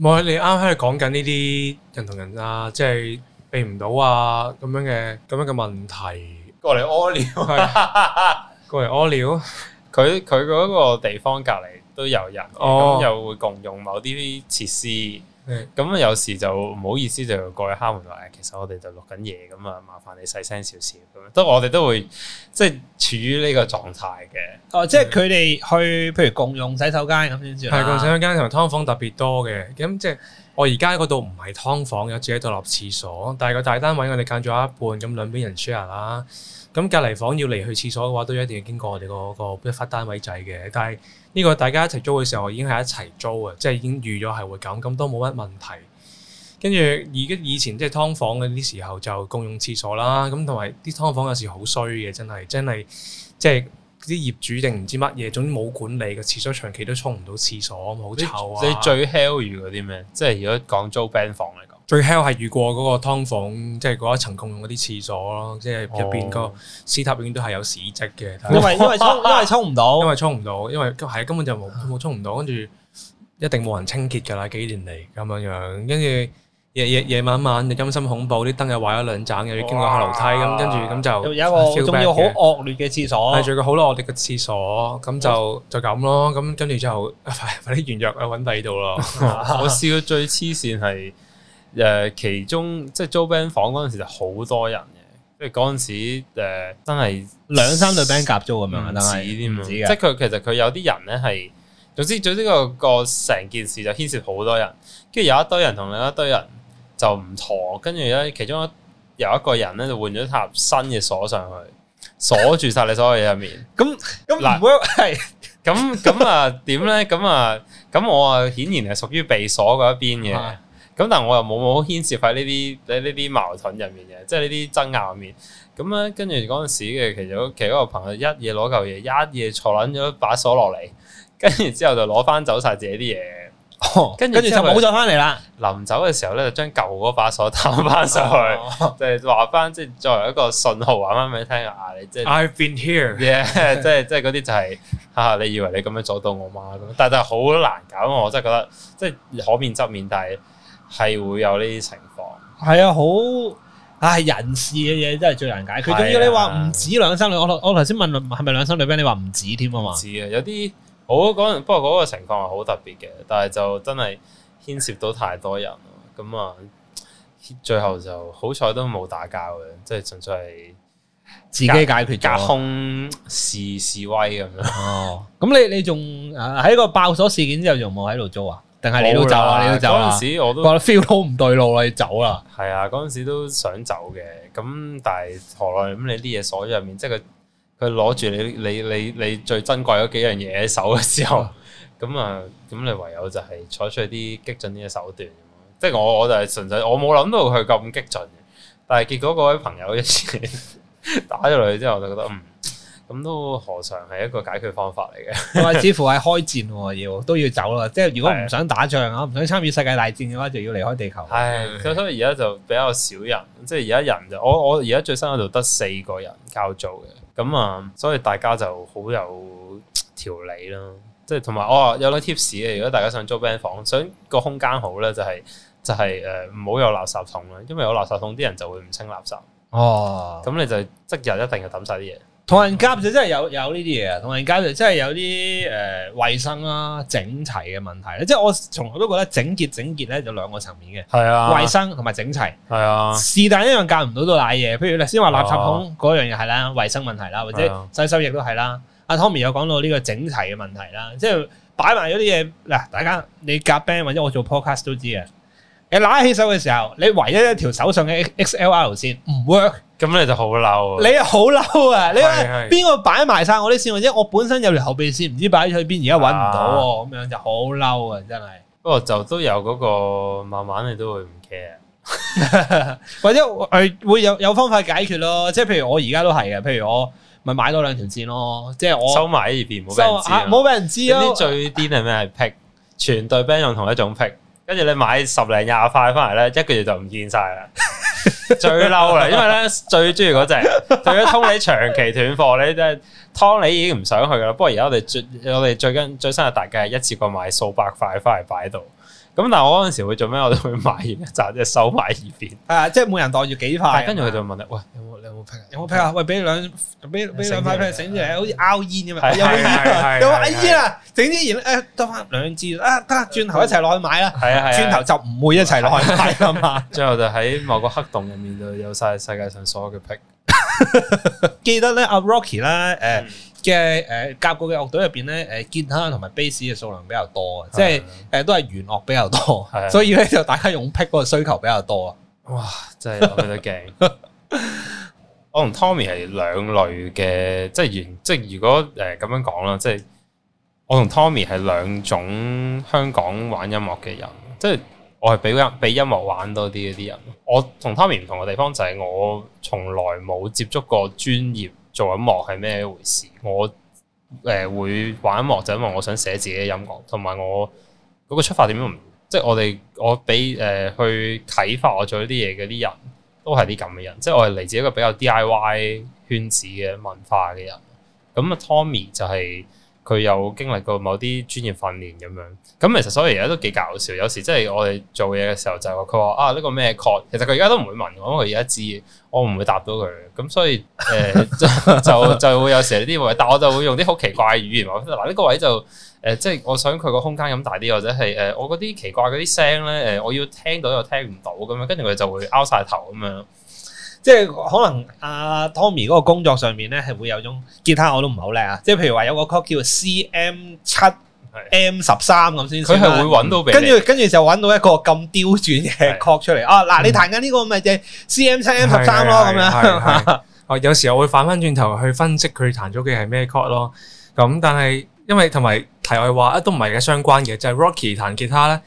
冇你啱啱喺度講緊呢啲人同人啊，即係。避唔到啊！咁樣嘅咁樣嘅問題，過嚟屙尿，過嚟屙尿。佢佢嗰個地方隔籬都有人，咁、嗯哦、又會共用某啲設施。咁、嗯嗯、有時就唔好意思，就要過去敲門話，誒、嗯，其實我哋就錄緊嘢，咁啊，麻煩你細聲少少。咁都我哋都會即係、就是、處於呢個狀態嘅。哦，即係佢哋去，譬如共用洗手間咁樣住，係共用洗手間同埋湯房特別多嘅。咁即係。我而家嗰度唔係劏房，有自己獨立廁所，但係個大單位我哋間咗一半，咁兩邊人 share 啦。咁隔離房要嚟去廁所嘅話，都一定要經過我哋嗰個 buffer 單位制嘅。但係呢個大家一齊租嘅時候已經係一齊租啊，即係已經預咗係會咁，咁都冇乜問題。跟住以前即係劏房嘅啲時候就共用廁所啦，咁同埋啲劏房有時好衰嘅，真係真係即係。啲業主定唔知乜嘢，總之冇管理嘅廁所長期都沖唔到廁所，好臭啊你！你最 hell 遇過啲咩、就是？即係如果講租 band 房嚟講，最 hell 係遇過嗰個劏房，即係嗰一層共用嗰啲廁所咯，即係入邊個屎塔永遠都係有屎跡嘅。因為因為沖因為沖唔到，因為沖唔到， 因為係 根本就冇冇沖唔到，跟住一定冇人清潔㗎啦，幾年嚟咁樣樣，跟住。夜夜夜晚晚你陰森恐怖，啲燈又壞咗兩盞，哇又要經過下樓梯，咁跟住咁就仲要好惡劣嘅廁所。係仲有個好、嗯、咯，我哋嘅廁所咁就就咁咯。咁跟住之後，快啲完約去揾第二度咯。我試過最黐線係誒，其中即係租 band 房嗰陣時就好多人嘅，即係嗰陣時、呃、真係兩三對 band 夾租咁樣啊，都係啲唔止即係佢其實佢有啲人咧係，總之、這個、總之、這個個成件事就牽涉好多人，跟住有一堆人同另一堆人。就唔妥，跟住咧，其中有一個人咧就換咗一沓新嘅鎖上去，鎖住晒你所有嘢入面。咁咁嗱，係咁咁啊？點咧？ 咁啊？咁我啊，顯然係屬於被鎖嗰一邊嘅。咁， 但係我又冇冇牽涉喺呢啲喺呢啲矛盾入面嘅，即係呢啲爭拗入面。咁咧，跟住嗰陣時嘅，其實其中一個朋友一夜攞嚿嘢，一夜坐撚咗把鎖落嚟，跟住之後就攞翻走晒自己啲嘢。哦、跟住就冇咗翻嚟啦。臨走嘅時候咧，就將舊嗰把鎖探翻上去，哦哦就係話翻，即係作為一個信號話翻俾你聽啊！你即、就、係、是、I've been here，yeah, 即係即係嗰啲就係、是、吓、啊，你以為你咁樣阻到我媽咁，但係好難搞，我真係覺得即係、就是、可免則免，但係係會有呢啲情況。係啊，好唉、哎、人事嘅嘢真係最難解決。仲要、啊、你話唔止兩生女。我我頭先問係咪兩生女咩？你話唔止添啊嘛？唔止啊，有啲。我嗰，不過嗰個情況係好特別嘅，但係就真係牽涉到太多人咁啊，最後就好彩都冇打交嘅，即係純粹係自己解決，隔空示示威咁樣。哦，咁你你仲喺、啊、個爆鎖事件之後仲冇喺度租啊？定係你都走啦？你都走嗰陣時我都覺得 feel 都唔對路啦，你走啦。係啊，嗰陣時都想走嘅，咁但係何來？咁你啲嘢鎖咗入面，即係佢。佢攞住你你你你最珍貴嗰幾樣嘢喺手嘅時候，咁啊、嗯、咁、嗯、你唯有就係採取啲激進啲嘅手段，即係我我就係純粹，我冇諗到佢咁激進，但係結果嗰位朋友一次打咗嚟之後，我就覺得嗯，咁都何嘗係一個解決方法嚟嘅。甚至 乎係開戰要都要走啦，即係如果唔想打仗啊，唔的想參與世界大戰嘅話，就要離開地球。係、哎，所以而家就比較少人，即係而 家人就我我而家最新嗰度得四個人夾租嘅。咁啊，所以大家就好有條理咯，即係同埋我有啲 tips、哦、如果大家想租 band 房，想個空間好咧，就係、係、就係誒唔好有垃圾桶啦，因為有垃圾桶啲人就會唔清垃圾。哦、啊，咁你就即日一定要抌晒啲嘢。同人夾就真係有有呢啲嘢，同人夾就真係有啲誒衞生啦、啊、整齊嘅問題。即係我從來都覺得整潔整潔咧，有兩個層面嘅，係啊，衞生同埋整齊，係啊。是但一樣夾唔到都瀨嘢，譬如你先話垃圾桶嗰樣嘢係啦，衞、啊、生問題啦，或者洗手液亦都係啦。阿、啊啊、Tomii 有講到呢個整齊嘅問題啦，即係擺埋嗰啲嘢嗱，大家你夾 band 或者我做 podcast 都知嘅，你攋起手嘅時候，你唯一一條手上嘅 XLR 線唔 work。咁你就好嬲，你好嬲啊！ 你邊個擺埋晒我啲線，或者我本身有條後備線，唔知擺咗去邊，而家搵唔到，咁、啊、樣就好嬲啊！真係。不過就都有嗰、那個慢慢你都會唔 care， 或者係會有有方法解決咯。即係譬如我而家都係嘅，譬如我咪買多兩條線咯，即係我收埋呢而變冇俾人知，冇俾、啊、人知咯。有啲最癲係咩？係 Pick 全隊 band 用同一種 Pick，跟住你買十零廿塊翻嚟咧，一個月就唔見晒啦。 最嬲啦，因為咧 最中意嗰隻，對咗通你長期斷貨，你即係通你已經唔想去啦。不過而家我哋最我哋最近最新嘅大計係一次過買數百塊翻嚟擺度。咁但係我嗰陣時會做咩？我就會買一扎即係收埋二邊，啊，即係每人袋住幾塊，跟住佢就問你：喂，有冇有冇有冇 pick 啊？喂，俾兩俾俾兩塊 pick 整出嚟，好似拗煙咁啊！有冇煙？有冇阿姨啦？整啲嘢，誒，得翻兩支啊！得啦，轉頭一齊落去買啦。係啊係轉頭就唔會一齊落去買啦嘛。最後就喺某個黑洞入面就有晒世界上所有嘅 pick。記得咧阿 Rocky 咧誒。即係誒，夾、呃、過嘅樂隊入邊咧，誒、呃、吉他同埋貝斯嘅數量比較多啊，的即係誒、呃、都係弦樂比較多，的所以咧就的大家用 pick 嗰個需求比較多啊！哇，真係 我覺得驚！我同 Tommy 係兩類嘅，即係原即係如果誒咁、呃、樣講啦，即係我同 Tommy 係兩種香港玩音樂嘅人，即係我係俾音俾音樂玩多啲嗰啲人。我同 Tommy 唔同嘅地方就係、是、我從來冇接觸過專業。做音樂係咩一回事？我誒、呃、會玩音樂就因為我想寫自己嘅音樂，同埋我嗰、嗰個出發點都唔即係我哋我俾誒、呃、去啟發我做呢啲嘢嗰啲人都係啲咁嘅人，即係我係嚟自一個比較 DIY 圈子嘅文化嘅人。咁啊，Tomii 就係、是。佢有經歷過某啲專業訓練咁樣，咁其實所以而家都幾搞笑。有時即係我哋做嘢嘅時候就佢話啊，呢個咩 chord 其實佢而家都唔會問我，因為而家知我唔會答到佢。咁所以誒、呃、 就就，就會有時呢啲位，但我就會用啲好奇怪嘅語言話嗱，呢個位就誒，即、呃、係、就是、我想佢個空間咁大啲，或者係誒、呃、我嗰啲奇怪嗰啲聲咧誒，我要聽到又聽唔到咁樣，跟住佢就會拗晒頭咁樣。即係可能阿、啊、Tommy 嗰個工作上面咧係會有種吉他我都唔係好叻啊！即係譬如話有個曲叫做 C M 七 M 十三咁先，佢係算會揾到畀你跟，跟住跟住就揾到一個咁刁轉嘅曲出嚟哦，嗱、啊，你彈緊呢個咪就係 C M 七 M 十三咯咁樣。哦， 有時候我會反翻轉頭去分析佢彈咗嘅係咩曲咯。咁但係因為同埋題外話啊，都唔係嘅相關嘅，就係、是、Rocky 彈吉他咧，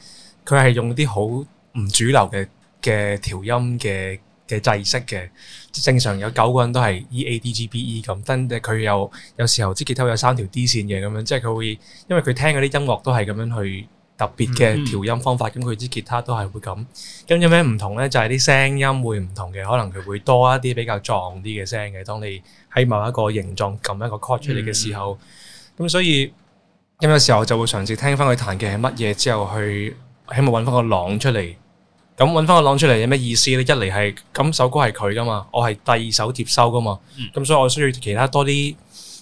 佢係用啲好唔主流嘅嘅調音嘅。嘅制式嘅，正常有九個人都係 EADGBE 咁，但佢有有時候支吉他會有三條 D 線嘅咁樣，即係佢會因為佢聽嗰啲音樂都係咁樣去特別嘅調音方法，咁佢支吉他都係會咁。咁有咩唔同呢？就係、是、啲聲音會唔同嘅，可能佢會多一啲比較壯啲嘅聲嘅。當你喺某一個形狀撳一個 call 出嚟嘅時候，咁、嗯、所以咁有時候就會嘗試聽翻佢彈嘅係乜嘢，之後去希望揾翻個朗出嚟。咁揾翻個朗出嚟有咩意思咧？一嚟係咁首歌係佢噶嘛，我係第二手接收噶嘛，咁、嗯、所以我需要其他多啲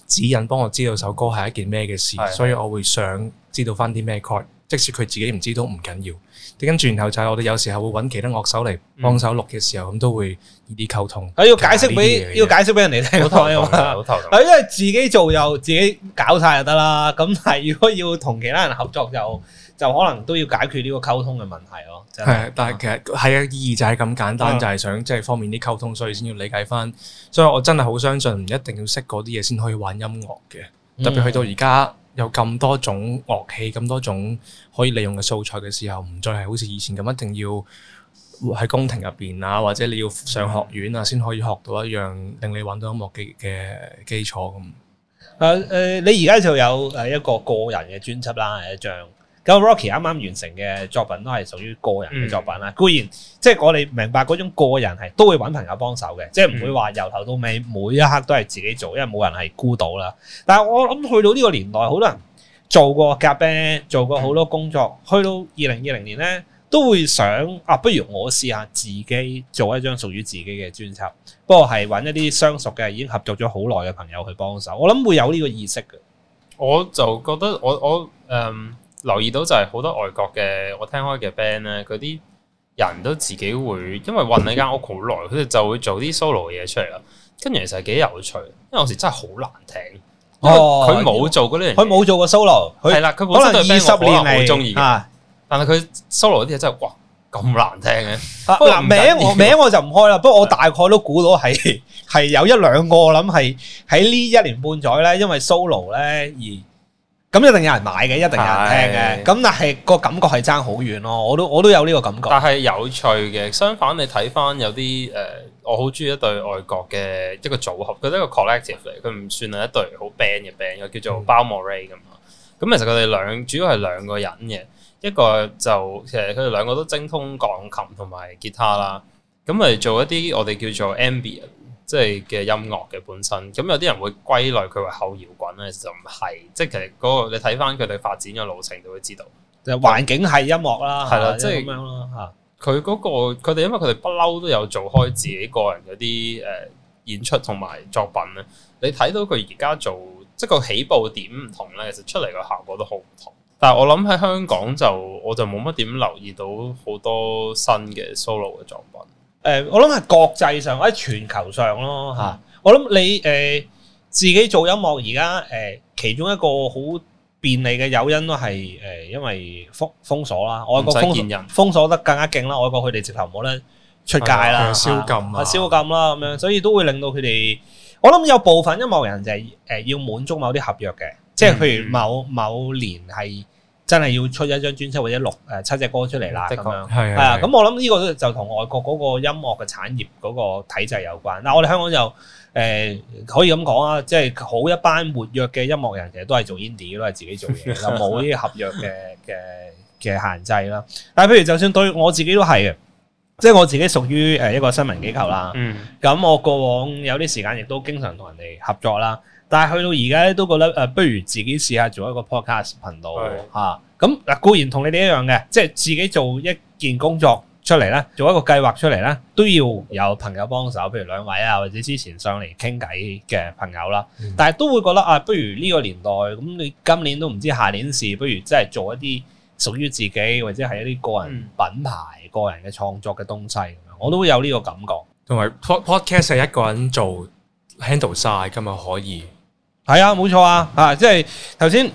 指引，幫我知道首歌係一件咩嘅事，嗯、所以我會想知道翻啲咩概念即使佢自己唔知都唔緊要緊。跟住然後就係我哋有時候會揾其他樂手嚟幫手錄嘅時候，咁、嗯、都會易啲溝通。啊，要解釋俾要解釋俾人哋聽，好頭痛。啊， 因為自己做又自己搞晒就得啦。咁但係如果要同其他人合作就。就可能都要解決呢個溝通嘅問題咯。係，但係其實係啊，意義就係咁簡單，嗯、就係想即係、就係、方便啲溝通，所以先要理解翻。所以我真係好相信，唔一定要識嗰啲嘢先可以玩音樂嘅。特別去到而家有咁多種樂器、咁、嗯、多種可以利用嘅素材嘅時候，唔再係好似以前咁一,一定要喺宮廷入邊啊，或者你要上學院啊，先可以學到一樣令你玩到音樂嘅嘅基礎咁。嗯、啊誒、呃，你而家就有誒一個個人嘅專輯啦，係一張。咁 Rocky 啱啱完成嘅作品都係屬於個人嘅作品啦。嗯、固然，即、就、係、是、我哋明白嗰種個人係都會揾朋友幫手嘅，即係唔會話由頭到尾每一刻都係自己做，因為冇人係孤島啦。但係我諗去到呢個年代，好多人做過夾 band，做過好多工作，去、嗯、到二零二零年咧，都會想啊，不如我試下自己做一張屬於自己嘅專輯。不過係揾一啲相熟嘅已經合作咗好耐嘅朋友去幫手，我諗會有呢個意識嘅。我就覺得我我誒。我嗯留意到就係好多外國嘅我聽開嘅 band 咧，佢啲人都自己會，因為混你間屋好耐，佢哋就會做啲 solo 嘅嘢出嚟啦。跟住其實係幾有趣，因為有時真係好難聽。佢冇做嗰啲，佢冇做過 solo，係啦，佢、哦、可能二十年嚟好中意，但係佢 solo 啲嘢真係哇咁難聽嘅。嗱、啊，名我名我就唔開啦，的不過我大概都估到係係有一兩個，我諗係喺呢一年半載咧，因為 solo 咧而。咁一定有人買嘅，一定有人聽嘅。咁是但係個感覺係爭好遠咯，我都我都有呢個感覺。但係有趣嘅，相反你睇翻，有啲誒、呃，我好中意,一隊外國嘅一個組合，佢都係個 collective 嚟，佢唔算係一隊好 band 嘅 band，又叫做 Balmorhea 咁。咁其實佢哋兩主要係兩個人嘅，一個就其實佢哋兩個都精通鋼琴同埋吉他啦。咁咪做一啲我哋叫做 ambient。即係嘅音樂嘅本身，咁有啲人會歸類佢為後搖滾咧，其實就唔係，即係其實嗰、嗰個你睇翻佢哋發展嘅路程，就會知道。環境係音樂啦，係啦、啊，的即係咁樣啦吓。佢嗰、嗯嗯嗰個佢哋，因為佢哋不嬲都有做開自己個人嗰啲誒演出同埋作品咧。你睇到佢而家做，即個起步點唔同咧，其實出嚟個效果都好唔同。但係我諗喺香港就，我就冇乜點留意到好多新嘅 solo 嘅作品。誒，我諗係國際上，喺全球上咯嚇。啊、我諗你誒、呃、自己做音樂而家誒，其中一個好便利嘅誘因都係誒、呃，因為封封鎖啦，外國封鎖，封，人封鎖得更加勁啦，外國佢哋直頭冇得出街啦，宵、啊、禁啊，宵、啊、禁啦咁樣，所以都會令到佢哋。我諗有部分音樂人就係誒要滿足某啲合約嘅，即係譬如某、嗯、某年係。真係要出一張專輯或者六誒七隻歌出嚟啦，咁樣係啊。咁我諗呢個就同外國嗰個音樂嘅產業嗰個體制有關。嗱、啊，我哋香港就誒、呃、可以咁講啦，即係好一班活躍嘅音樂人，其實都係做 indie 都係自己做嘢，冇呢啲合約嘅嘅嘅限制啦。但係譬如就算對我自己都係嘅，即係我自己屬於誒一個新聞機構啦、嗯。嗯，咁我過往有啲時間亦都經常同人哋合作啦。但係去到而家咧，都覺得誒，不、啊、如自己試下做一個 podcast 頻道嚇。咁嗱是、啊，固然同你哋一樣嘅，即係自己做一件工作出嚟咧，做一個計劃出嚟咧，都要有朋友幫手，譬如兩位啊，或者之前上嚟傾偈嘅朋友啦。嗯、但係都會覺得啊，不如呢個年代咁、嗯，你今年都唔知下年事，不如即係做一啲屬於自己或者係一啲個人品牌、嗯、個人嘅創作嘅東西。我都有呢個感覺。同埋 podcast 係 一個人做 handle 曬咁咪可以。係啊，冇錯啊，啊，即係頭先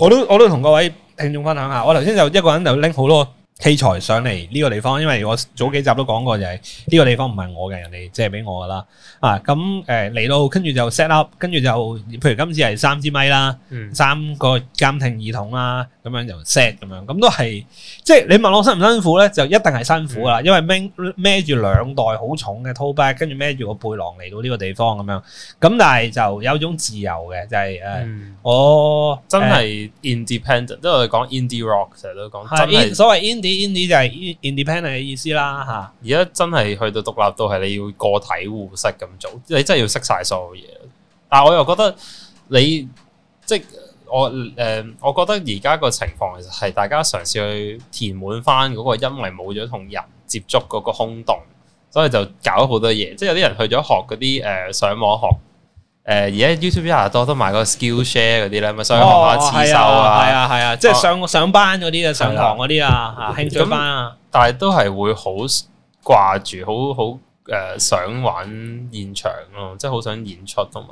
我都我都同各位聽眾分享下，我頭先就一個人就拎好多。器材上嚟呢個地方，因為我早幾集都講過，就是，就係呢個地方唔係我嘅，人哋借俾我噶啦。啊，咁誒嚟到，跟住就 set up，跟住就，譬如今次係三支咪啦，三個監聽耳筒啦，咁樣就 set 咁樣，咁都係，即係你問我辛唔辛苦咧，就一定係辛苦啦，嗯、因為孭孭住兩袋好重嘅 towback，跟住孭住個背囊嚟到呢個地方咁樣，咁但係就有一種自由嘅，就係、是、誒，哦、嗯，我真係 independent，因為講、啊、indie rock 成日都講，所謂呢就係 independent 嘅意思啦，吓！而家真係去到獨立都係你要個體戶式咁做，你真係要識晒所有嘢。但係我又覺得你即係我誒、呃，我覺得而家個情況其實係大家嘗試去填滿翻嗰個因為冇咗同人接觸嗰個空洞，所以就搞好多嘢。即係有啲人去咗學嗰啲誒，上網學。誒而家 YouTube 啲多，多都買個 Skill Share 嗰啲咧，咪所以學下刺繡啊，係啊係啊，啊啊啊哦、即係上上班嗰啲啊，上堂嗰啲啊，興趣班啊，但係都係會好掛住，好好誒想玩現場咯，即係好想演出，同埋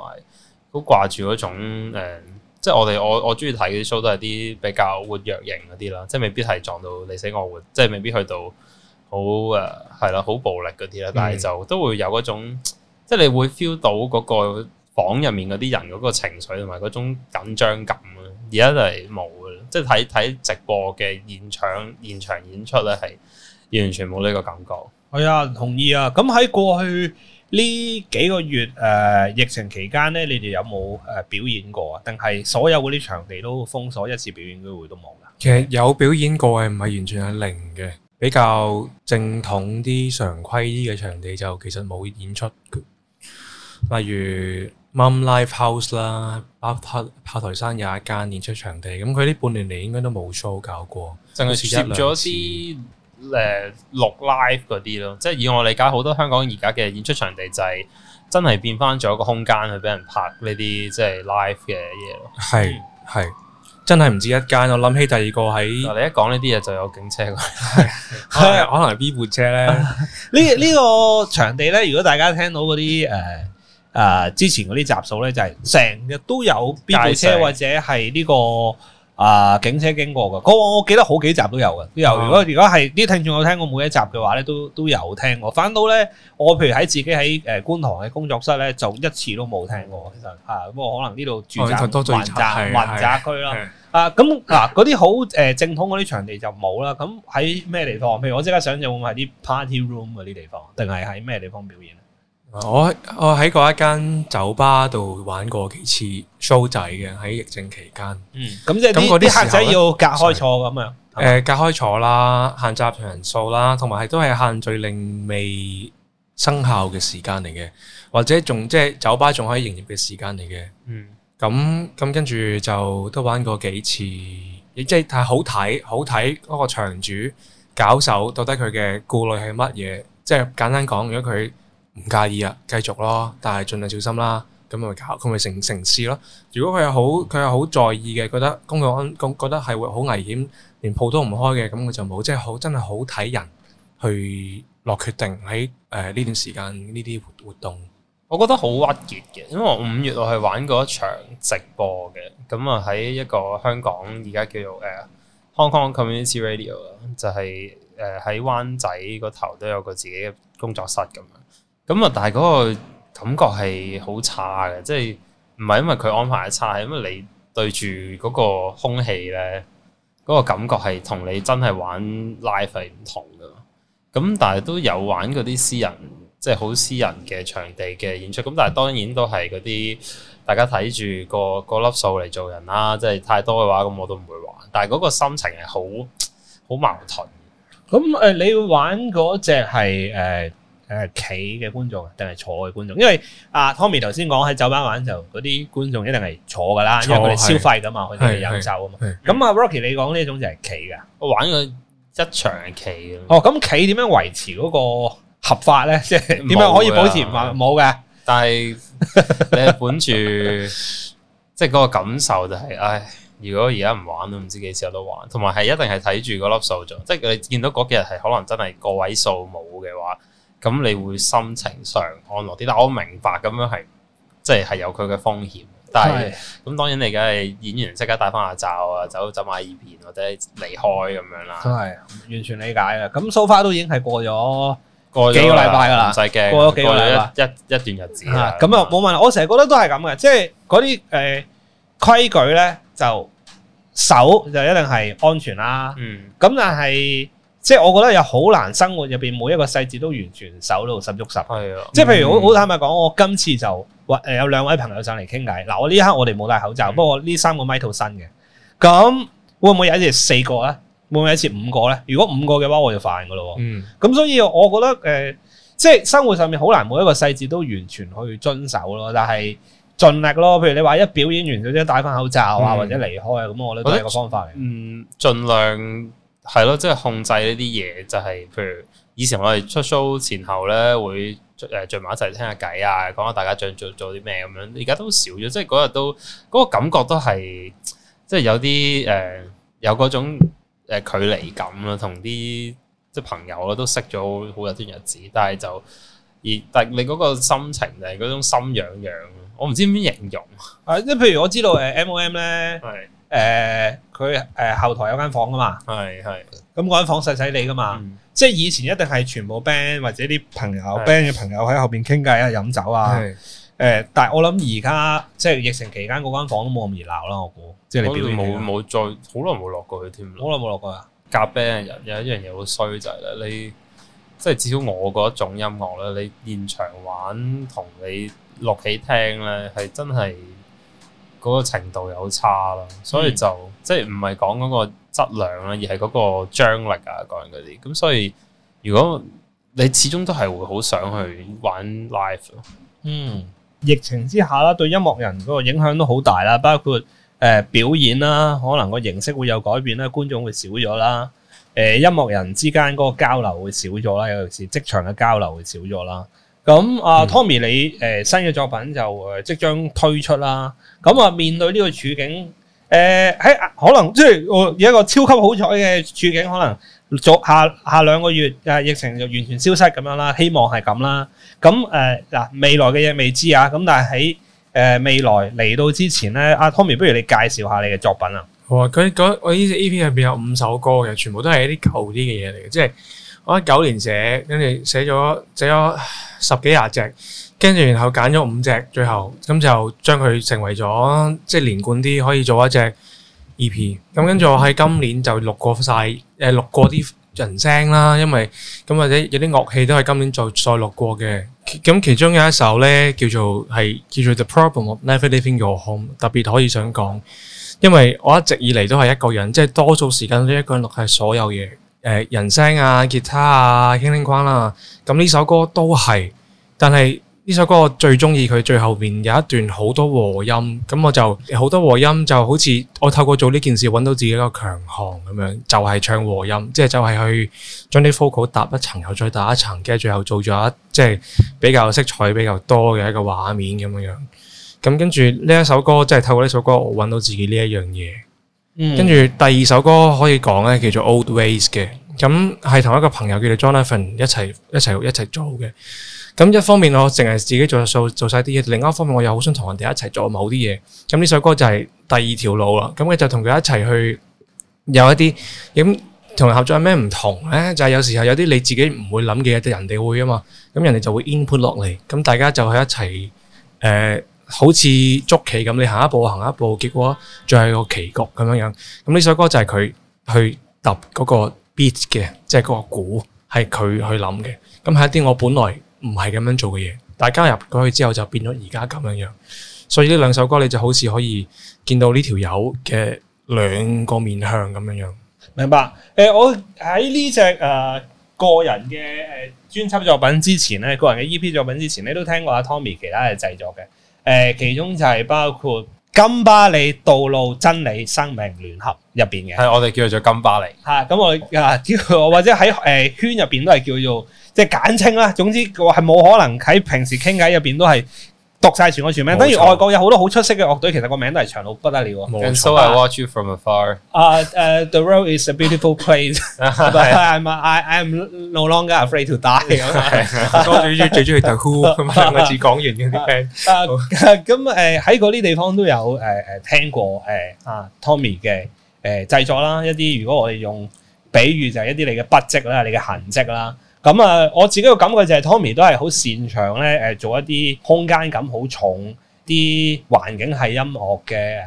好掛住嗰種誒、呃，即係我哋我我中意睇嗰啲 show 都係啲比較活躍型嗰啲啦，即係未必係撞到你死我活，即係未必去到好誒係啦，好、啊、暴力嗰啲啦，但係就都會有嗰種，即係你會 feel 到嗰、那個。嗯房入面嗰啲人嗰個情緒同埋嗰種緊張感啊，而家就係冇啦，即係睇睇直播嘅現場現場演出咧，係完全冇呢個感覺。係、嗯、啊，同意啊。咁喺過去呢幾個月誒、呃，疫情期間咧，你哋有冇誒表演過啊？定係所有嗰啲場地都封鎖一次表演機會都冇噶？其實有表演過嘅，唔係完全係零嘅，比較正統啲、常規啲嘅場地就其實冇演出，例如。MOM Livehouse 啦，炮塔炮台山有一間演出場地，咁佢呢半年嚟應該都冇 show 搞過，淨係接咗啲誒錄 live 嗰啲咯。即係以我理解，好多香港而家嘅演出場地就係真係變翻咗個空間去俾人拍呢啲即係 live 嘅嘢咯。係係，真係唔止一間。我諗起第二個喺你一講呢啲嘢就有警車， 可能係 B 部車咧。呢呢、 呢個場地咧，如果大家聽到嗰啲誒。呃誒、啊、之前嗰啲集數咧，就係成日都有邊部車或者係呢、呢個啊警車經過嘅。我我記得好幾集都有嘅。都有如果如果係啲聽眾有聽過每一集嘅話咧，都都有聽過。反到咧，我譬如喺自己喺誒觀塘嘅工作室咧，就一次都冇聽過。其實啊，咁我可能呢度住宅、民宅、哦、民宅區啦。站啊，咁嗱嗰啲好誒正統嗰啲場地就冇啦。咁喺咩地方？譬如我即刻想嘅會唔會係啲 party room 嗰啲地方，定係喺咩地方表演？我我喺嗰一間酒吧度玩過幾次 show 仔嘅，喺疫症期間。嗯，咁即係啲客仔要隔開坐噶咁樣。誒是，吧隔開坐啦，限制人數啦，同埋係都係限聚令未生效嘅時間嚟嘅，或者仲即係酒吧仲可以營業嘅時間嚟嘅。嗯，咁咁跟住就都玩過幾次，亦即係太好睇，好睇嗰個場主搞手，到底佢嘅顧慮係乜嘢？即係簡單講，如果佢。唔介意啊，繼續咯，但係盡量小心啦。咁咪搞，佢咪成成，成事咯。如果佢係好，佢係好在意嘅，覺得工作安，公覺得係會好危險，連鋪都唔開嘅，咁佢就冇。即係好，真係好睇人去落決定喺誒呢段時間呢啲活動。我覺得好鬱結嘅，因為我五月我係玩過一場直播嘅，咁啊喺一個香港而家叫做誒、uh, Hong Kong Community Radio 啊、就係，就係誒喺灣仔嗰頭都有個自己嘅工作室咁樣。咁啊！但係嗰個感覺係好差嘅，即係唔係因為佢安排得差，係因為你對住嗰個空氣咧，嗰、嗰個感覺係同你真係玩 live 係唔同噶。咁但係都有玩嗰啲私人，即係好私人嘅場地嘅演出。咁但係當然都係嗰啲大家睇住、嗰個、嗰個粒數嚟做人啦。即、就、係、係、太多嘅話，咁我都唔會玩。但係嗰個心情係好好矛盾。咁誒、呃，你玩嗰隻係誒？呃係企嘅觀眾，定係坐嘅觀眾？因為阿 Tommy 頭先講喺酒吧玩就嗰啲觀眾一定係坐噶啦，坐因為佢哋消費噶嘛，佢哋享受啊嘛。咁阿 Rocky 你講呢種就係企噶，我玩過一場係企嘅。哦，咁企點樣維持嗰個合法咧？即係點樣可以保持唔冇嘅？但係你係本住即係嗰個感受就係、是，唉，如果而家唔玩都唔知幾時有得玩，同埋係一定係睇住嗰粒數做，即、就、係、是、你見到嗰幾日係可能真係個位數冇嘅話。咁你會心情上安樂啲，但係我明白咁樣係，即係係有佢嘅風險。但係咁是的 當然你梗係演員即刻戴翻口罩啊，走走埋耳邊或者離開咁樣啦。係完全理解啦。咁 so far 都已經係過咗過幾個禮拜㗎啦，唔使驚。過咗幾個禮拜一一,一段日子啊。咁又冇問。我成日覺得都係咁嘅，即係嗰啲誒規矩咧就守就一定係安全啦、啊。嗯。咁但係。即係我覺得又好難，生活入邊每一個細節都完全守到十足十。係啊。即係譬如好好坦白講，我今次就話誒、呃、有兩位朋友上嚟傾偈。嗱，我呢一刻我哋冇戴口罩，不過呢三個 mic 套新嘅。咁會唔會有一次四個咧？會唔會有一次五個咧？如果五個嘅話，我就犯噶咯。嗯。咁所以我覺得誒、呃，即係生活上面好難，每一個細節都完全去遵守咯。但係盡力咯。譬如你話一表演完咗，即係戴翻口罩啊，或者離開啊，咁我都係一個方法嚟。嗯，盡量。係咯，即係、就是，控制呢啲嘢，就係、是，譬如以前我哋出 show 前後咧，會誒聚埋一齊傾下偈啊，講下大家做做做啲咩咁樣。而家都少咗，即係嗰日都嗰、那個感覺都係、就是呃，即係有啲誒，有嗰種誒距離感啦，同啲即係朋友啦，都識咗好有啲日子，但係就而但你嗰個心情就係嗰種心癢癢，我唔知點形容啊。即係譬如我知道誒、呃、M O M 咧，係。誒佢誒後台有間房㗎嘛，係係是是、嗯，咁嗰間房細細地㗎嘛，即係、嗯、以前一定係全部 band 或者啲朋友是的 band 嘅朋友喺後邊傾偈啊飲酒啊，誒是的、呃，但係我諗而家即係疫情期間嗰間房都冇咁熱鬧啦，我估，即係嚟邊冇冇再好耐冇落過去添，好耐冇落過啊！夾 band 有一樣嘢好衰就係、是、咧，你即係至少我嗰種音樂咧，你現場玩同你錄起聽咧係真係。嗰個程度有差啦，所以就即係唔係講嗰個質量啦，而係嗰個張力啊，嗰樣嗰啲。咁所以，如果你始終都係會好想去玩 live，嗯，疫情之下啦，對音樂人嗰個影響都好大啦，包括誒表演啦，可能個形式會有改變啦，觀眾會少咗啦。誒，音樂人之間嗰個交流會少咗啦，尤其是職場嘅交流會少咗啦。咁、嗯、啊，Tommy，你誒、呃、新嘅作品就誒即將推出啦。咁、嗯、啊，面對呢個處境，誒、呃、喺可能即係、呃、一個超級好彩嘅處境，可能早下下兩個月嘅、啊、疫情就完全消失咁樣，樣啦。希望係咁啦。咁誒嗱，未來嘅嘢未知啊。咁但係喺誒未來嚟到之前咧，阿、啊、Tommy，不如你介紹下你嘅作品啊。好啊，佢我呢隻 EP 入邊有五首歌嘅，全部都係一啲舊啲嘅嘢嚟嘅，即係。我喺九年寫，跟住寫咗寫咗十幾廿隻，跟住然後揀咗五隻，最後咁就將佢成為咗即係連貫啲，可以做一隻 E.P. 咁，跟住我喺今年就錄過晒，誒、呃、錄過啲人聲啦，因為咁或者有啲樂器都喺今年再再錄過嘅。咁其中有一首咧叫做係叫做 The Problem of Never Leaving Your Home，特別，可以想講，因為我一直以嚟都係一個人，即係多數時間都一個人錄係所有嘢。誒，人聲啊，吉他啊，輕輕框啦。咁呢首歌都係，但係呢首歌我最中意佢最後面有一段好多和音。咁我就好多和音，就好似我透過做呢件事揾到自己一個強項咁樣，就係、是、唱和音，即係就係、是、去將啲 vocal 搭一層，又再搭一層，跟住最後做咗一即係、就是、比較色彩比較多嘅一個畫面咁樣樣。咁跟住呢一首歌，即係透過呢首歌，我揾到自己呢一樣嘢。跟住、嗯、第二首歌可以講咧，叫做 Old Ways 嘅，咁係同一個朋友叫做 Jonathan 一齊一齊一齊做嘅。咁一方面我淨係自己做做做曬啲嘢，另一方面我又好想同人哋一齊做某啲嘢。咁呢首歌就係第二條路啦。咁佢就同佢一齊去，有一啲咁，同人合作有咩唔同咧？就係、是、有時候有啲你自己唔會諗嘅嘢，人哋會啊嘛。咁人哋就會 input 落嚟，咁大家就係一齊誒。呃好似捉棋咁，你行一步行一步，結果仲係個棋局咁樣樣。咁呢首歌就係佢去揼嗰個 beat 嘅，即係嗰個鼓係佢去諗嘅。咁係一啲我本來唔係咁樣做嘅嘢，但加入咗去之後就變咗而家咁樣樣。所以呢兩首歌你就好似可以見到呢條友嘅兩個面向咁樣樣。明白？誒、呃，我喺呢隻誒個人嘅誒專輯作品之前咧，個人嘅 EP 作品之前你都聽過阿 Tomii 其他嘅製作嘅。誒，其中就係包括金巴利道路真理生命聯合入邊嘅，係我哋叫做金巴利，係咁、啊、我啊叫或者喺誒、呃、圈入邊都係叫做即係、就是、簡稱啦。總之我係冇可能喺平時傾偈入邊都係。讀晒全個全名，等於外國有好多好出色嘅樂隊，其實個名都係長到不得了。And so I watch you from afar. 啊，誒，The World is a beautiful place. I'm I'm no longer afraid to die。我最最最中意讀 Who，啊，兩個字講完嗰啲 friend。啊，咁誒喺嗰啲地方都有誒誒聽過誒啊 Tommy 嘅誒製作啦，一啲如果我哋用比喻就係一啲你嘅筆跡啦，你嘅痕跡啦。咁啊、嗯，我自己個感覺就係、是、Tomii 都係好擅長咧，誒、呃、做一啲空間感好重，啲環境系音樂嘅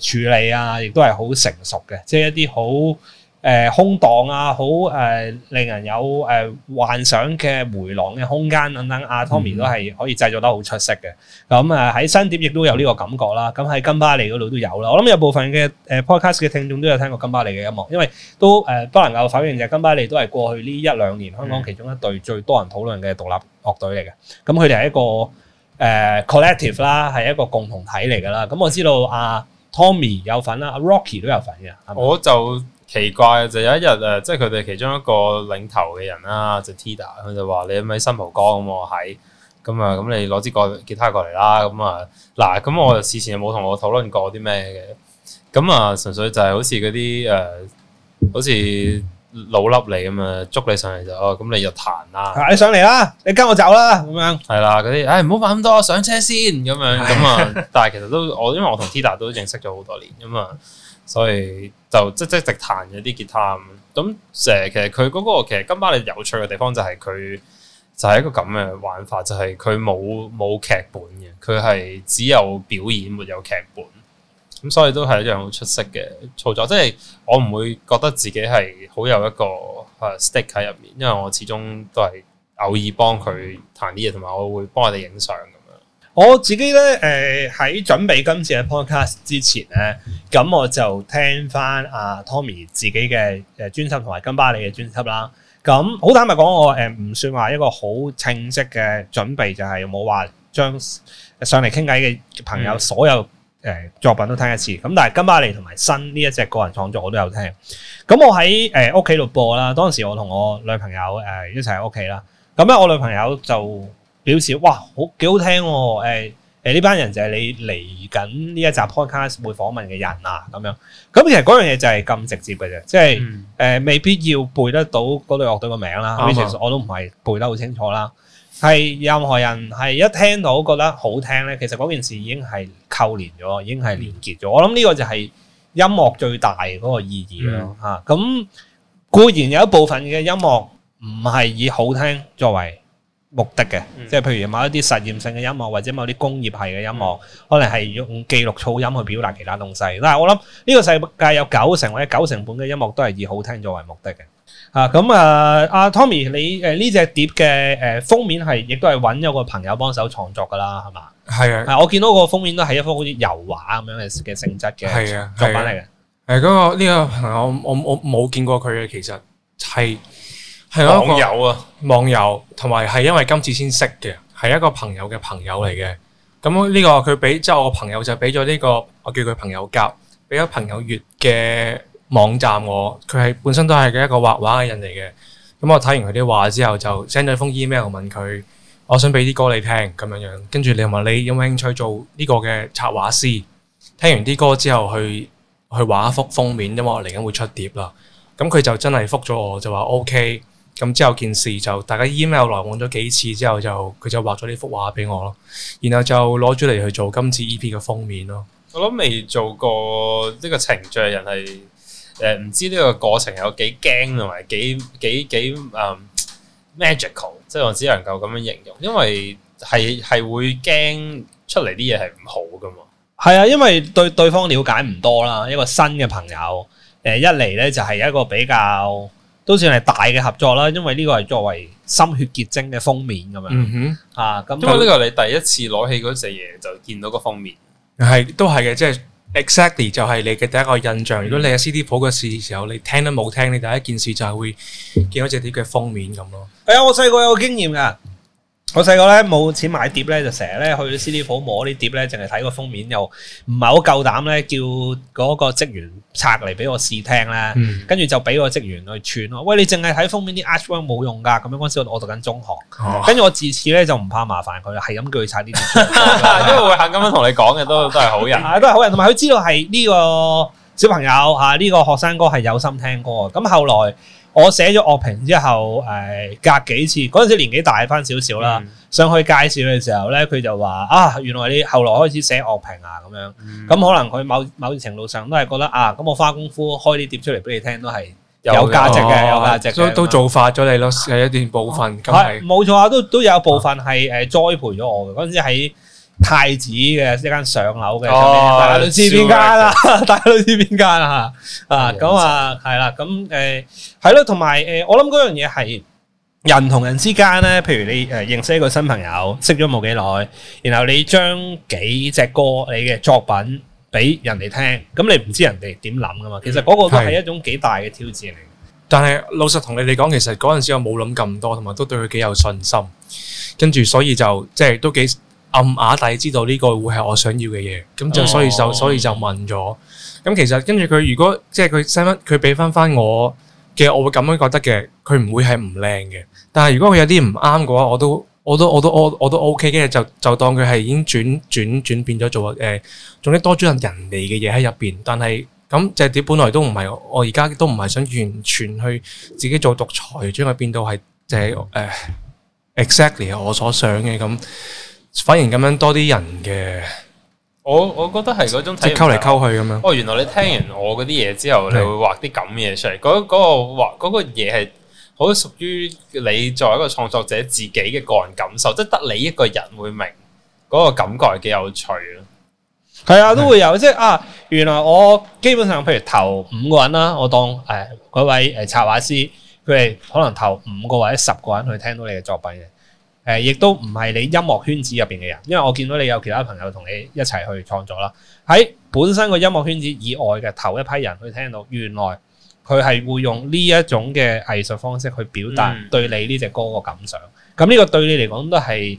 誒誒處理啊，亦都係好成熟嘅，即係一啲好。誒、呃、空檔啊，好誒、呃、令人有誒、呃、幻想嘅迴廊嘅空間等等啊，Tommy、啊啊、都係可以製造得好出色嘅。咁啊喺新碟亦都有呢個感覺啦。咁、啊、喺金巴利嗰度都有啦。我諗有部分嘅誒 podcast 嘅聽眾都有聽過金巴利嘅音樂，因為都誒不、呃、能夠否認就係金巴利都係過去呢一兩年香港其中一隊最多人討論嘅獨立樂隊嚟嘅。咁佢哋係一個誒 collective 啦，係、呃、一個共同體嚟噶啦。咁我知道阿 Tommy 有份啦，阿 Rocky 都有份嘅。我就。奇怪就有一日誒，即係佢哋其中一個領頭嘅人啦，就 Tida 佢就話你係咪新蒲崗咁喎，喺咁啊，咁你攞支個吉他過嚟啦，咁啊嗱，咁我事前有冇同我討論過啲咩嘅，咁啊純粹就係好似嗰啲誒，好似老笠嚟咁啊，捉你上嚟就哦，咁你入彈啊，你「你上嚟啦，你跟我走啦，咁樣係啦，嗰啲誒唔好問咁多，上車先咁樣咁啊， 但係其實都我因為我同 Tida 都認識咗好多年咁啊。所以就即即直彈咗啲吉他咁，咁成其實佢個其實金巴利有趣嘅地方就係佢就係一個咁嘅玩法，就係佢冇冇劇本嘅，佢係只有表演，沒有劇本。咁所以都係一樣好出色嘅操作。即係我唔會覺得自己係好有一個誒 stick 喺入面，因為我始終都係偶爾幫佢彈啲嘢，同埋我會幫佢哋影相。我自己咧，誒、呃、喺準備今次嘅 podcast 之前咧，咁、嗯嗯、我就聽翻阿 Tomii 自己嘅誒專輯同埋金巴利嘅專輯啦。咁、嗯、好坦白講，我誒唔算話一個好清晰嘅準備，就係冇話將上嚟傾偈嘅朋友所有誒作品都聽一次。咁、嗯、但係金巴利同埋新呢一隻個人創作我都有聽。咁、嗯、我喺誒屋企度播啦。當時我同我女朋友誒、呃、一齊喺屋企啦。咁、嗯、咧我女朋友就～表示哇，好幾好聽喎！誒、呃、呢、呃呃、班人就係你嚟緊呢一集 podcast 會訪問嘅人啊，咁樣咁其實嗰樣嘢就係咁直接嘅啫，即係誒、嗯呃，未必要背得到嗰隊樂隊個名啦，嗯、其實我都唔係背得好清楚啦。係、嗯、任何人係一聽到覺得好聽咧，其實嗰件事已經係扣連咗，已經係連結咗。我諗呢個就係音樂最大嗰個意義咯嚇。咁、嗯嗯嗯、固然有一部分嘅音樂唔係以好聽作為。目的嘅，即係譬如某一啲實驗性嘅音樂，或者某啲工業係嘅音樂，可能係用記錄噪音去表達其他東西。但係我諗呢個世界有九成或者九成半嘅音樂都係以好聽作為目的嘅。啊，咁啊，阿、啊、Tomii，你誒呢隻碟嘅誒封面係亦都係搵咗個朋友幫手創作噶啦，係嘛？係啊,啊，我見到個封面都係一幅好似油畫咁樣嘅嘅性質嘅係啊作品嚟嘅、啊。誒、啊，啊啊啊這個呢、這個朋友，我我我冇見過佢嘅，其實係。係咯，有網友啊，網友同埋係因為今次先識嘅，係一個朋友嘅朋友嚟嘅。咁呢個佢俾之後我朋友就俾咗呢個，我叫佢朋友甲俾咗朋友月嘅網站我。我佢係本身都係一個畫畫嘅人嚟嘅。咁我睇完佢啲畫之後，就 send 咗封 email 問佢，我想俾啲歌你聽咁樣樣。跟住你話你有冇興趣做呢個嘅插畫師？聽完啲歌之後去，去去畫一幅封面，因為我嚟緊會出碟啦。咁佢就真係復咗我就話 OK。咁之後件事就大家 email 來往咗幾次之後就佢就畫咗呢幅畫俾我咯，然後就攞咗嚟去做今次 EP 嘅封面咯。我諗未做過呢個程序人係，誒，唔知呢個過程有幾驚同埋幾幾幾誒 magical，即係我只能夠咁樣形容，因為係係會驚出嚟啲嘢係唔好㗎嘛。係啊，因為對對方了解唔多啦，一個新嘅朋友誒、呃、一嚟咧就係一個比較都算係大嘅合作啦，因為呢個係作為心血結晶嘅封面咁樣、嗯、哼啊。咁因為呢個你第一次攞起嗰隻嘢，就見到個封面，係都係嘅，即、就、係、是、exactly 就係你嘅第一個印象。嗯、如果你喺 CD 鋪嘅事時候，你聽都冇聽，你第一件事就係會見到隻碟嘅封面咁咯。係啊、哎，我細個有個經驗噶。我細個咧冇錢買碟咧，就成日咧去 CD 鋪摸啲碟咧，淨係睇個封面，又唔係好夠膽咧叫嗰個職員拆嚟俾我試聽咧，跟住、嗯、就俾個職員去串咯。喂，你淨係睇封面啲 artwork 冇用噶，咁樣嗰時我讀緊中學，跟住、啊、我自此咧就唔怕麻煩佢啦，係咁鋸拆呢啲， 因為會肯咁樣同你講嘅都都係好人， 都係好人。同埋佢知道係呢個小朋友吓呢、這個學生哥係有心聽歌啊，咁後來。我寫咗樂評之後，誒、哎、隔幾次嗰陣時年紀大翻少少啦，嗯、上去介紹嘅時候咧，佢就話：啊，原來你後來開始寫樂評啊，咁樣咁、嗯、可能佢某某程度上都係覺得啊，咁我花功夫開啲碟出嚟俾你聽，都係有價值嘅，有，哦、有價值都，都做化咗你咯，係、啊、一段部分。係冇錯啊，啊錯都都有部分係誒栽培咗我嘅嗰陣時喺。太子嘅一間上樓嘅，大家知邊間啦？大家知邊間啦？吓啊，咁、嗯、啊，係啦，咁誒、嗯，係咯，同埋誒，我諗嗰樣嘢係人同人之間咧。譬如你誒認識一個新朋友，識咗冇幾耐，然後你將幾隻歌你嘅作品俾人哋聽，咁你唔知人哋點諗㗎嘛？其實嗰個都係一種幾大嘅挑戰嚟。但係老實同你哋講，其實嗰陣時我冇諗咁多，同埋都對佢幾有信心。跟住所以就即係都幾。暗啞底知道呢個會係我想要嘅嘢，咁就所以就、oh. 所以就問咗。咁其實跟住佢如果即係佢 send，佢俾翻翻我嘅，我會咁樣覺得嘅。佢唔會係唔靚嘅。但係如果佢有啲唔啱嘅話，我都我都我都我都我都 OK 嘅。就就當佢係已經轉轉轉變咗做誒，總、呃、之多咗份人哋嘅嘢喺入邊。但係咁隻碟本來都唔係我而家都唔係想完全去自己做獨裁，將佢變到係就係、是、誒、呃、exactly 我所想嘅咁。反而咁樣多啲人嘅，我我覺得係嗰種體即係溝嚟溝去咁樣。哦，原來你聽完我嗰啲嘢之後，嗯、你會畫啲咁嘢出嚟。嗰嗰是、那個畫，嗰、那個嘢係好屬於你作為一個創作者自己嘅個人感受，即、就、係、是、得你一個人會明嗰、那個感覺係幾有趣囉！係啊，都會有，是即係啊，原來我基本上，譬如頭五個人啦，我當誒嗰、哎、位誒插畫師，佢係可能頭五個或者十個人去聽到你嘅作品嘅。誒，亦都唔係你音樂圈子入邊嘅人，因為我見到你有其他朋友同你一齊去創作啦。喺、哎、本身個音樂圈子以外嘅頭一批人去聽到，原來佢係會用呢一種嘅藝術方式去表達對你呢隻歌個感想。咁呢、嗯、個對你嚟講都係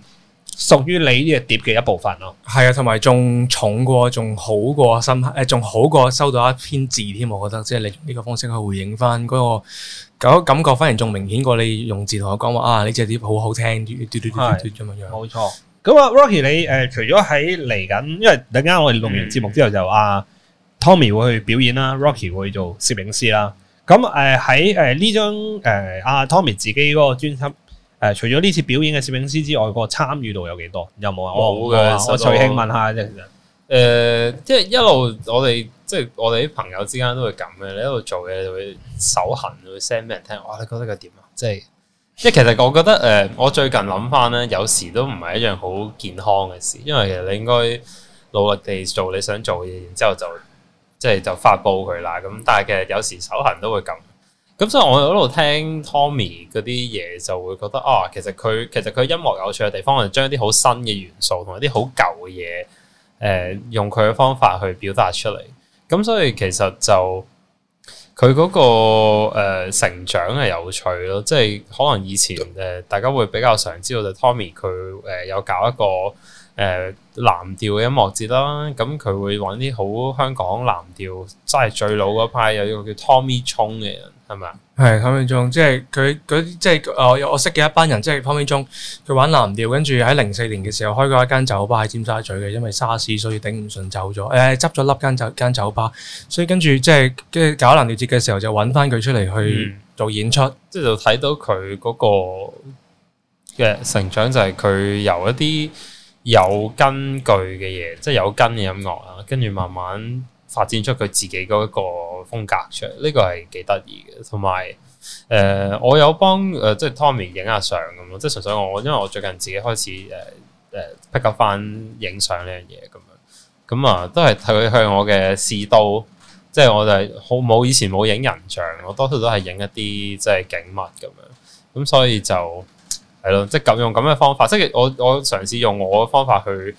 屬於你呢隻碟嘅一部分咯。係啊，同埋仲重過，仲好過深刻，誒、呃，仲好過收到一篇字添。我覺得，即係你用呢個方式去回應翻、那、嗰個。感覺反而仲明顯過你用字同我講話啊！呢隻碟好好聽，嘟嘟嘟嘟嘟咁樣樣。冇錯，咁啊，Rocky 你誒、呃，除咗喺嚟緊，因為等間我哋錄完節目之後，就、嗯、啊 Tomii 會去表演啦，Rocky 會做攝影師啦。咁誒喺誒呢張誒阿 Tomii 自己嗰個專輯誒，除咗呢次表演嘅攝影師之外，個參與度有幾多？有冇啊？好嘅、哦，我隨在興問下啫。誒、呃，即係一路我哋、嗯。即係我哋啲朋友之間都會咁嘅，你一度做嘢就會手痕，會 send 俾人聽。哇！你覺得佢點啊？即係即係其實我覺得誒、呃，我最近諗翻咧，有時都唔係一樣好健康嘅事，因為其實你應該努力地做你想做嘅嘢，然之後就即係就發布佢啦。咁但係其實有時手痕都會咁。咁、嗯、所以我喺度聽 Tomii 嗰啲嘢，就會覺得啊、哦，其實佢其實佢音樂有趣嘅地方，我哋將啲好新嘅元素同一啲好舊嘅嘢誒，用佢嘅方法去表達出嚟。咁所以其實就佢嗰、那個誒、呃、成長係有趣咯，即係可能以前誒、呃、大家會比較常知道就 Tomii 佢誒、呃、有搞一個。誒、呃、藍調嘅音樂節啦、啊，咁、嗯、佢會玩啲好香港藍調，真係最老嗰派，有一個叫 Tommy Chung 嘅人，係咪啊？係 Tommy Chung，即係佢佢即係我我識嘅一班人，即係 Tommy Chung，佢玩藍調，跟住喺零四年嘅時候開過一間酒吧喺尖沙咀嘅，因為沙士所以頂唔順走咗，誒、執咗笠間酒間酒吧，所以跟住即係跟住搞藍調節嘅時候就搵返佢出嚟去做演出，嗯、即係就睇到佢嗰個嘅成長，就係佢由一啲。有根據嘅嘢，即係有根嘅音樂啦，跟住慢慢發展出佢自己嗰一個風格出嚟，呢、這個係幾得意嘅。同埋，誒、呃，我有幫誒、呃，即係 Tomii 影下相咁咯，即係純粹我，因為我最近自己開始誒誒、呃、pick up 返影相呢樣嘢咁樣，咁啊，都係睇佢向我嘅試刀，即係我就係好冇以前冇影人像，我多數都係影一啲即係景物咁樣，咁所以就。係咯，即係咁用咁嘅方法，即係，我我嘗試用我嘅方法去，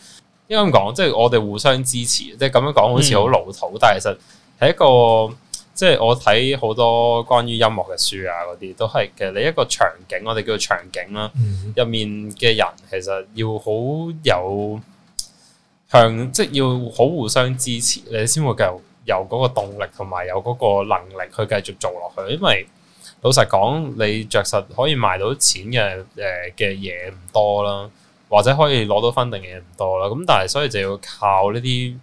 應該咁講，即係，我哋互相支持，即係咁樣講好似好老土，嗯、但係其實係一個，即係，我睇好多關於音樂嘅書啊，嗰啲都係其實你一個場景，我哋叫做場景啦，入、嗯嗯、面嘅人其實要好有向，即係，要好互相支持，你先會繼續有嗰個動力同埋有嗰個能力去繼續做落去，因為。老實講，你着實可以賣到錢嘅誒嘅嘢唔多啦，或者可以攞到分定嘅嘢唔多啦。咁但係，所以就要靠呢啲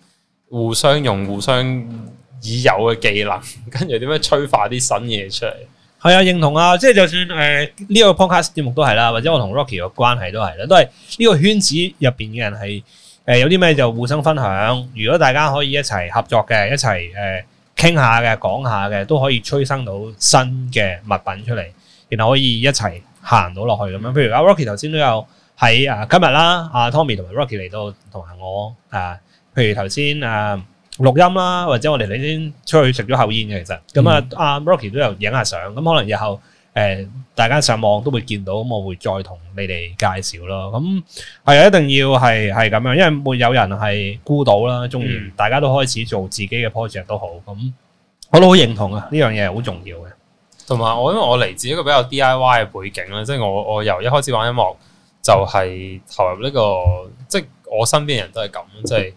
互相用、互相已有嘅技能，跟住點樣催化啲新嘢出嚟？係啊，認同啊，即係就算誒呢、呃這個 podcast 節目都係啦，或者我同 Rocky 嘅關係都係啦，都係呢個圈子入邊嘅人係誒、呃、有啲咩就互相分享。如果大家可以一齊合作嘅，一齊誒。呃傾下嘅，講下嘅，都可以催生到新嘅物品出嚟，然後可以一齊行到落去咁樣。譬如阿 Rocky 頭先都有喺啊，今日啦，阿、啊、Tomii 同埋 Rocky 嚟到，同埋我啊，譬如頭先啊錄音啦，或者我哋頭先出去食咗口煙嘅其實，咁、嗯、啊阿 Rocky 都有影下相，咁可能日後。誒，大家上網都會見到，咁我會再同你哋介紹咯。咁係一定要係係咁樣，因為沒有人係孤島啦。當然大家都開始做自己嘅 project 都好，咁我都好認同啊！呢樣嘢好重要嘅。同埋我因為我嚟自一個比較 D I Y 嘅背景啦，即係我我由一開始玩音樂就係投入呢個，即係我身邊人都係咁，即係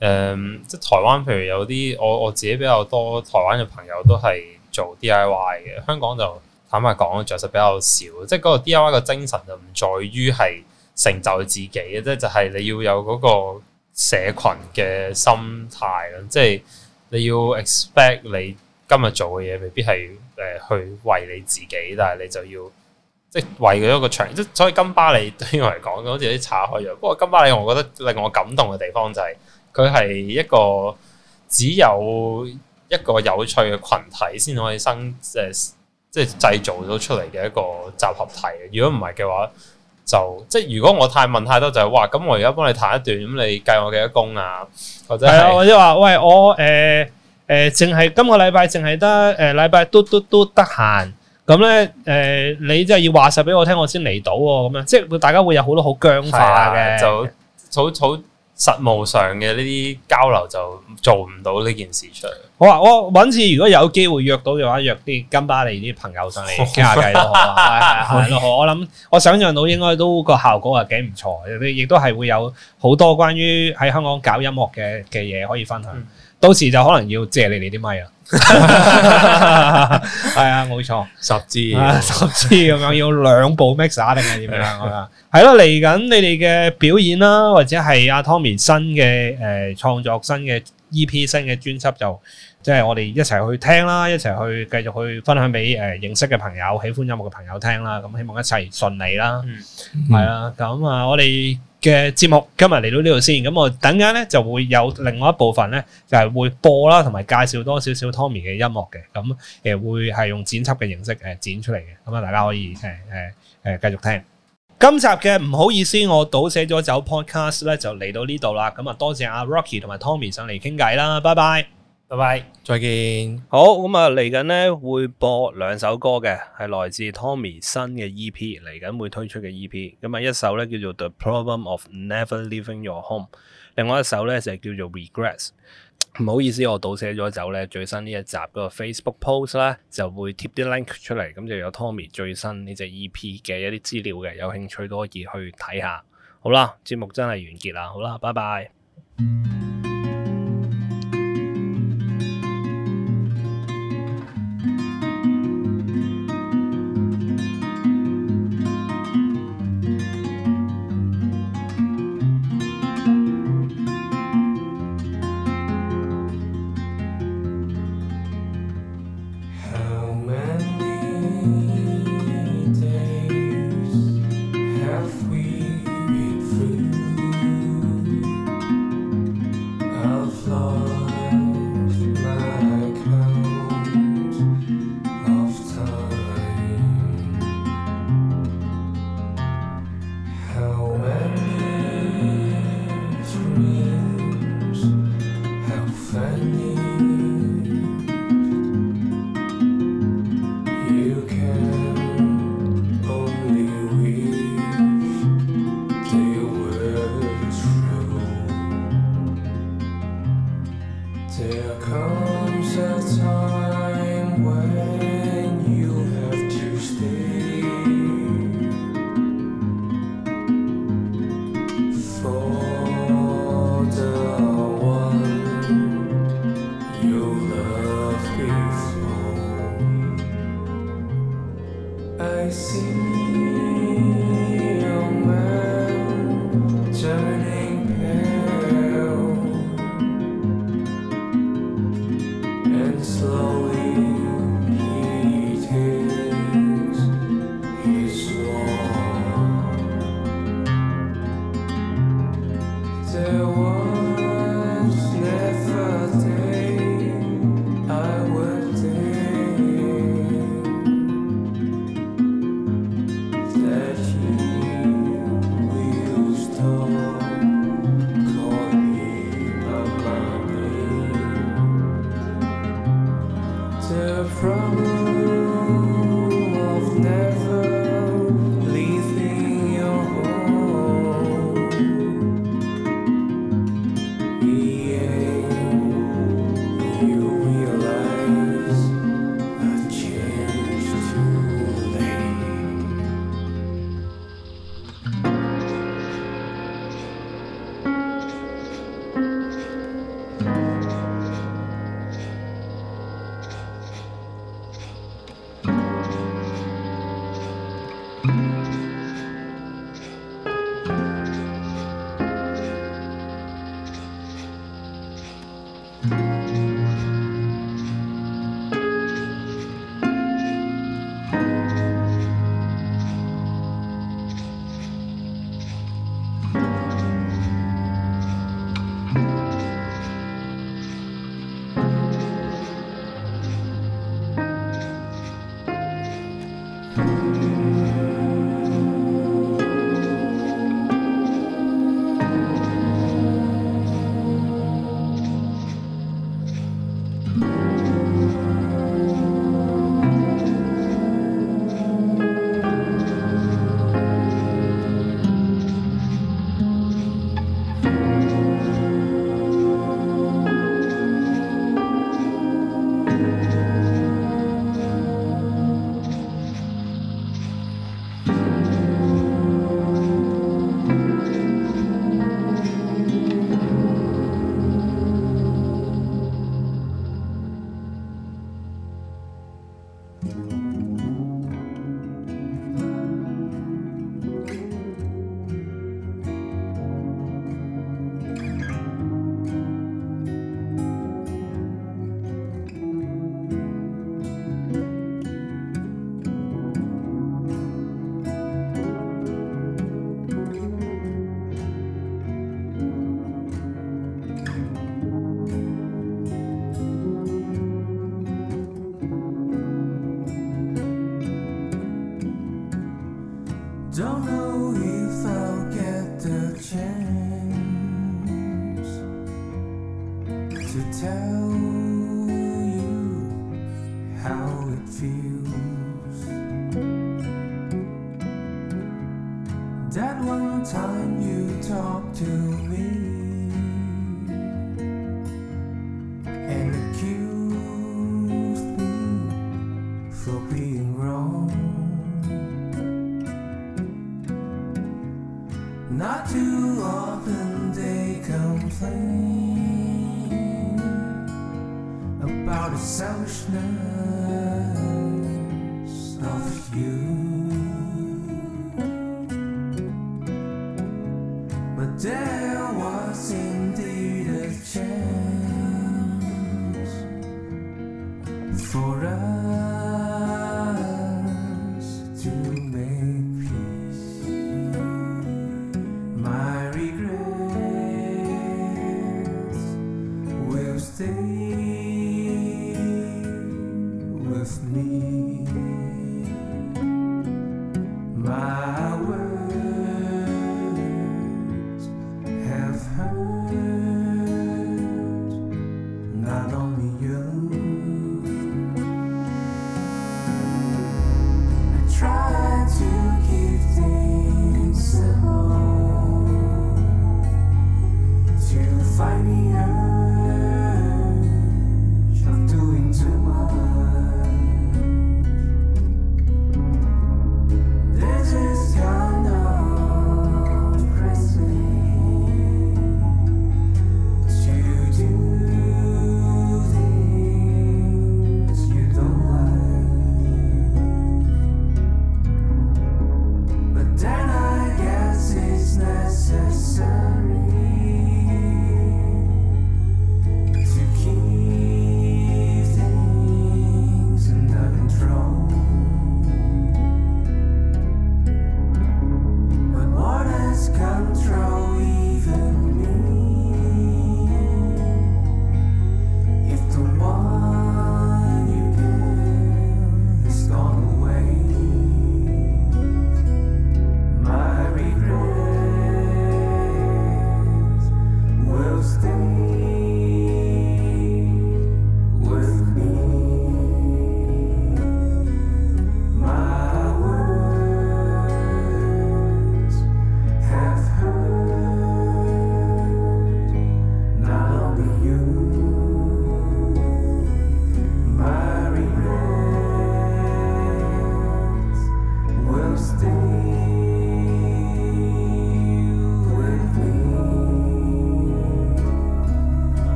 誒，即係台灣譬如有啲我我自己比較多台灣嘅朋友都係做 D I Y 嘅，香港就。坦白講，著實比較少，即係嗰個 DIY 個精神就唔在於係成就自己嘅啫，就係你要有嗰個社群嘅心態啦。即係你要 expect 你今日做嘅嘢，未必係誒去為你自己，但係你就要即係為咗一個場。即所以金巴利對我嚟講，好似啲岔開咗。不過金巴利，我覺得令我感動嘅地方就係佢係一個只有一個有趣嘅群體先可以生誒。即即係製造咗出嚟嘅一個集合體。如果唔係嘅話，就即係如果我太問太多就係、是、哇，咁我而家幫你彈一段，咁你計我幾多工啊？或者係或者話喂，我誒誒，淨、呃、係、呃、今個禮拜淨係得誒禮拜都都都得閒，咁咧誒你即係要話實俾我聽，我先嚟到咁樣，即係大家會有好多好僵化嘅，就好好。實務上嘅呢啲交流就做唔到呢件事出嚟好啊。我話我揾次，如果有機會約到嘅話，約啲金巴利啲朋友上嚟傾下偈都好啊。係咯 的，我諗我想象到應該都個效果係幾唔錯。你亦都係會有好多關於喺香港搞音樂嘅嘅嘢可以分享。嗯。到時就可能要借你哋啲咪呀、 哎，係啊，冇錯，十支，十支咁樣要兩部 mixer 定係點樣啊？係咯，嚟緊你哋嘅表演啦，或者係阿 Tomii 新嘅誒創作新嘅 EP 新嘅專輯就，即、就、係、是、我哋一齊去聽啦，一齊去繼續去分享俾誒、呃、認識嘅朋友、喜歡音樂嘅朋友聽啦。咁希望一齊順利啦，係啦、嗯、咁、嗯、啊，我哋。嘅節目今日嚟到呢度先，咁我等間等陣咧就會有另外一部分咧，就係、是、會播啦，同埋介紹多少少 Tomii 嘅音樂嘅，咁、嗯、誒、呃、會係用剪輯嘅形式誒剪出嚟嘅，咁、嗯、啊大家可以誒誒誒繼續聽。今集嘅唔好意思，我倒寫咗走 Podcast 咧，就嚟到呢度啦，咁啊多謝阿、啊、Rocky 同埋 Tomii 上嚟傾偈啦，拜拜。拜拜，bye bye. 再見。好，咁啊，嚟緊呢會播兩首歌嘅，係來自 Tomii 新嘅 EP，嚟緊會推出嘅 EP。咁啊，一首呢叫做《The Problem of Never Leaving Your Home》，另外一首呢就係叫做《Regrets》。唔好意思，我倒寫咗走呢。最新呢一集個 Facebook Post 呢，就會貼啲 link 出嚟，咁就有 Tomii 最新呢隻 EP 嘅一啲資料嘅，有興趣都可以去睇下。好啦，節目真係完結啦，好啦，拜拜。嗯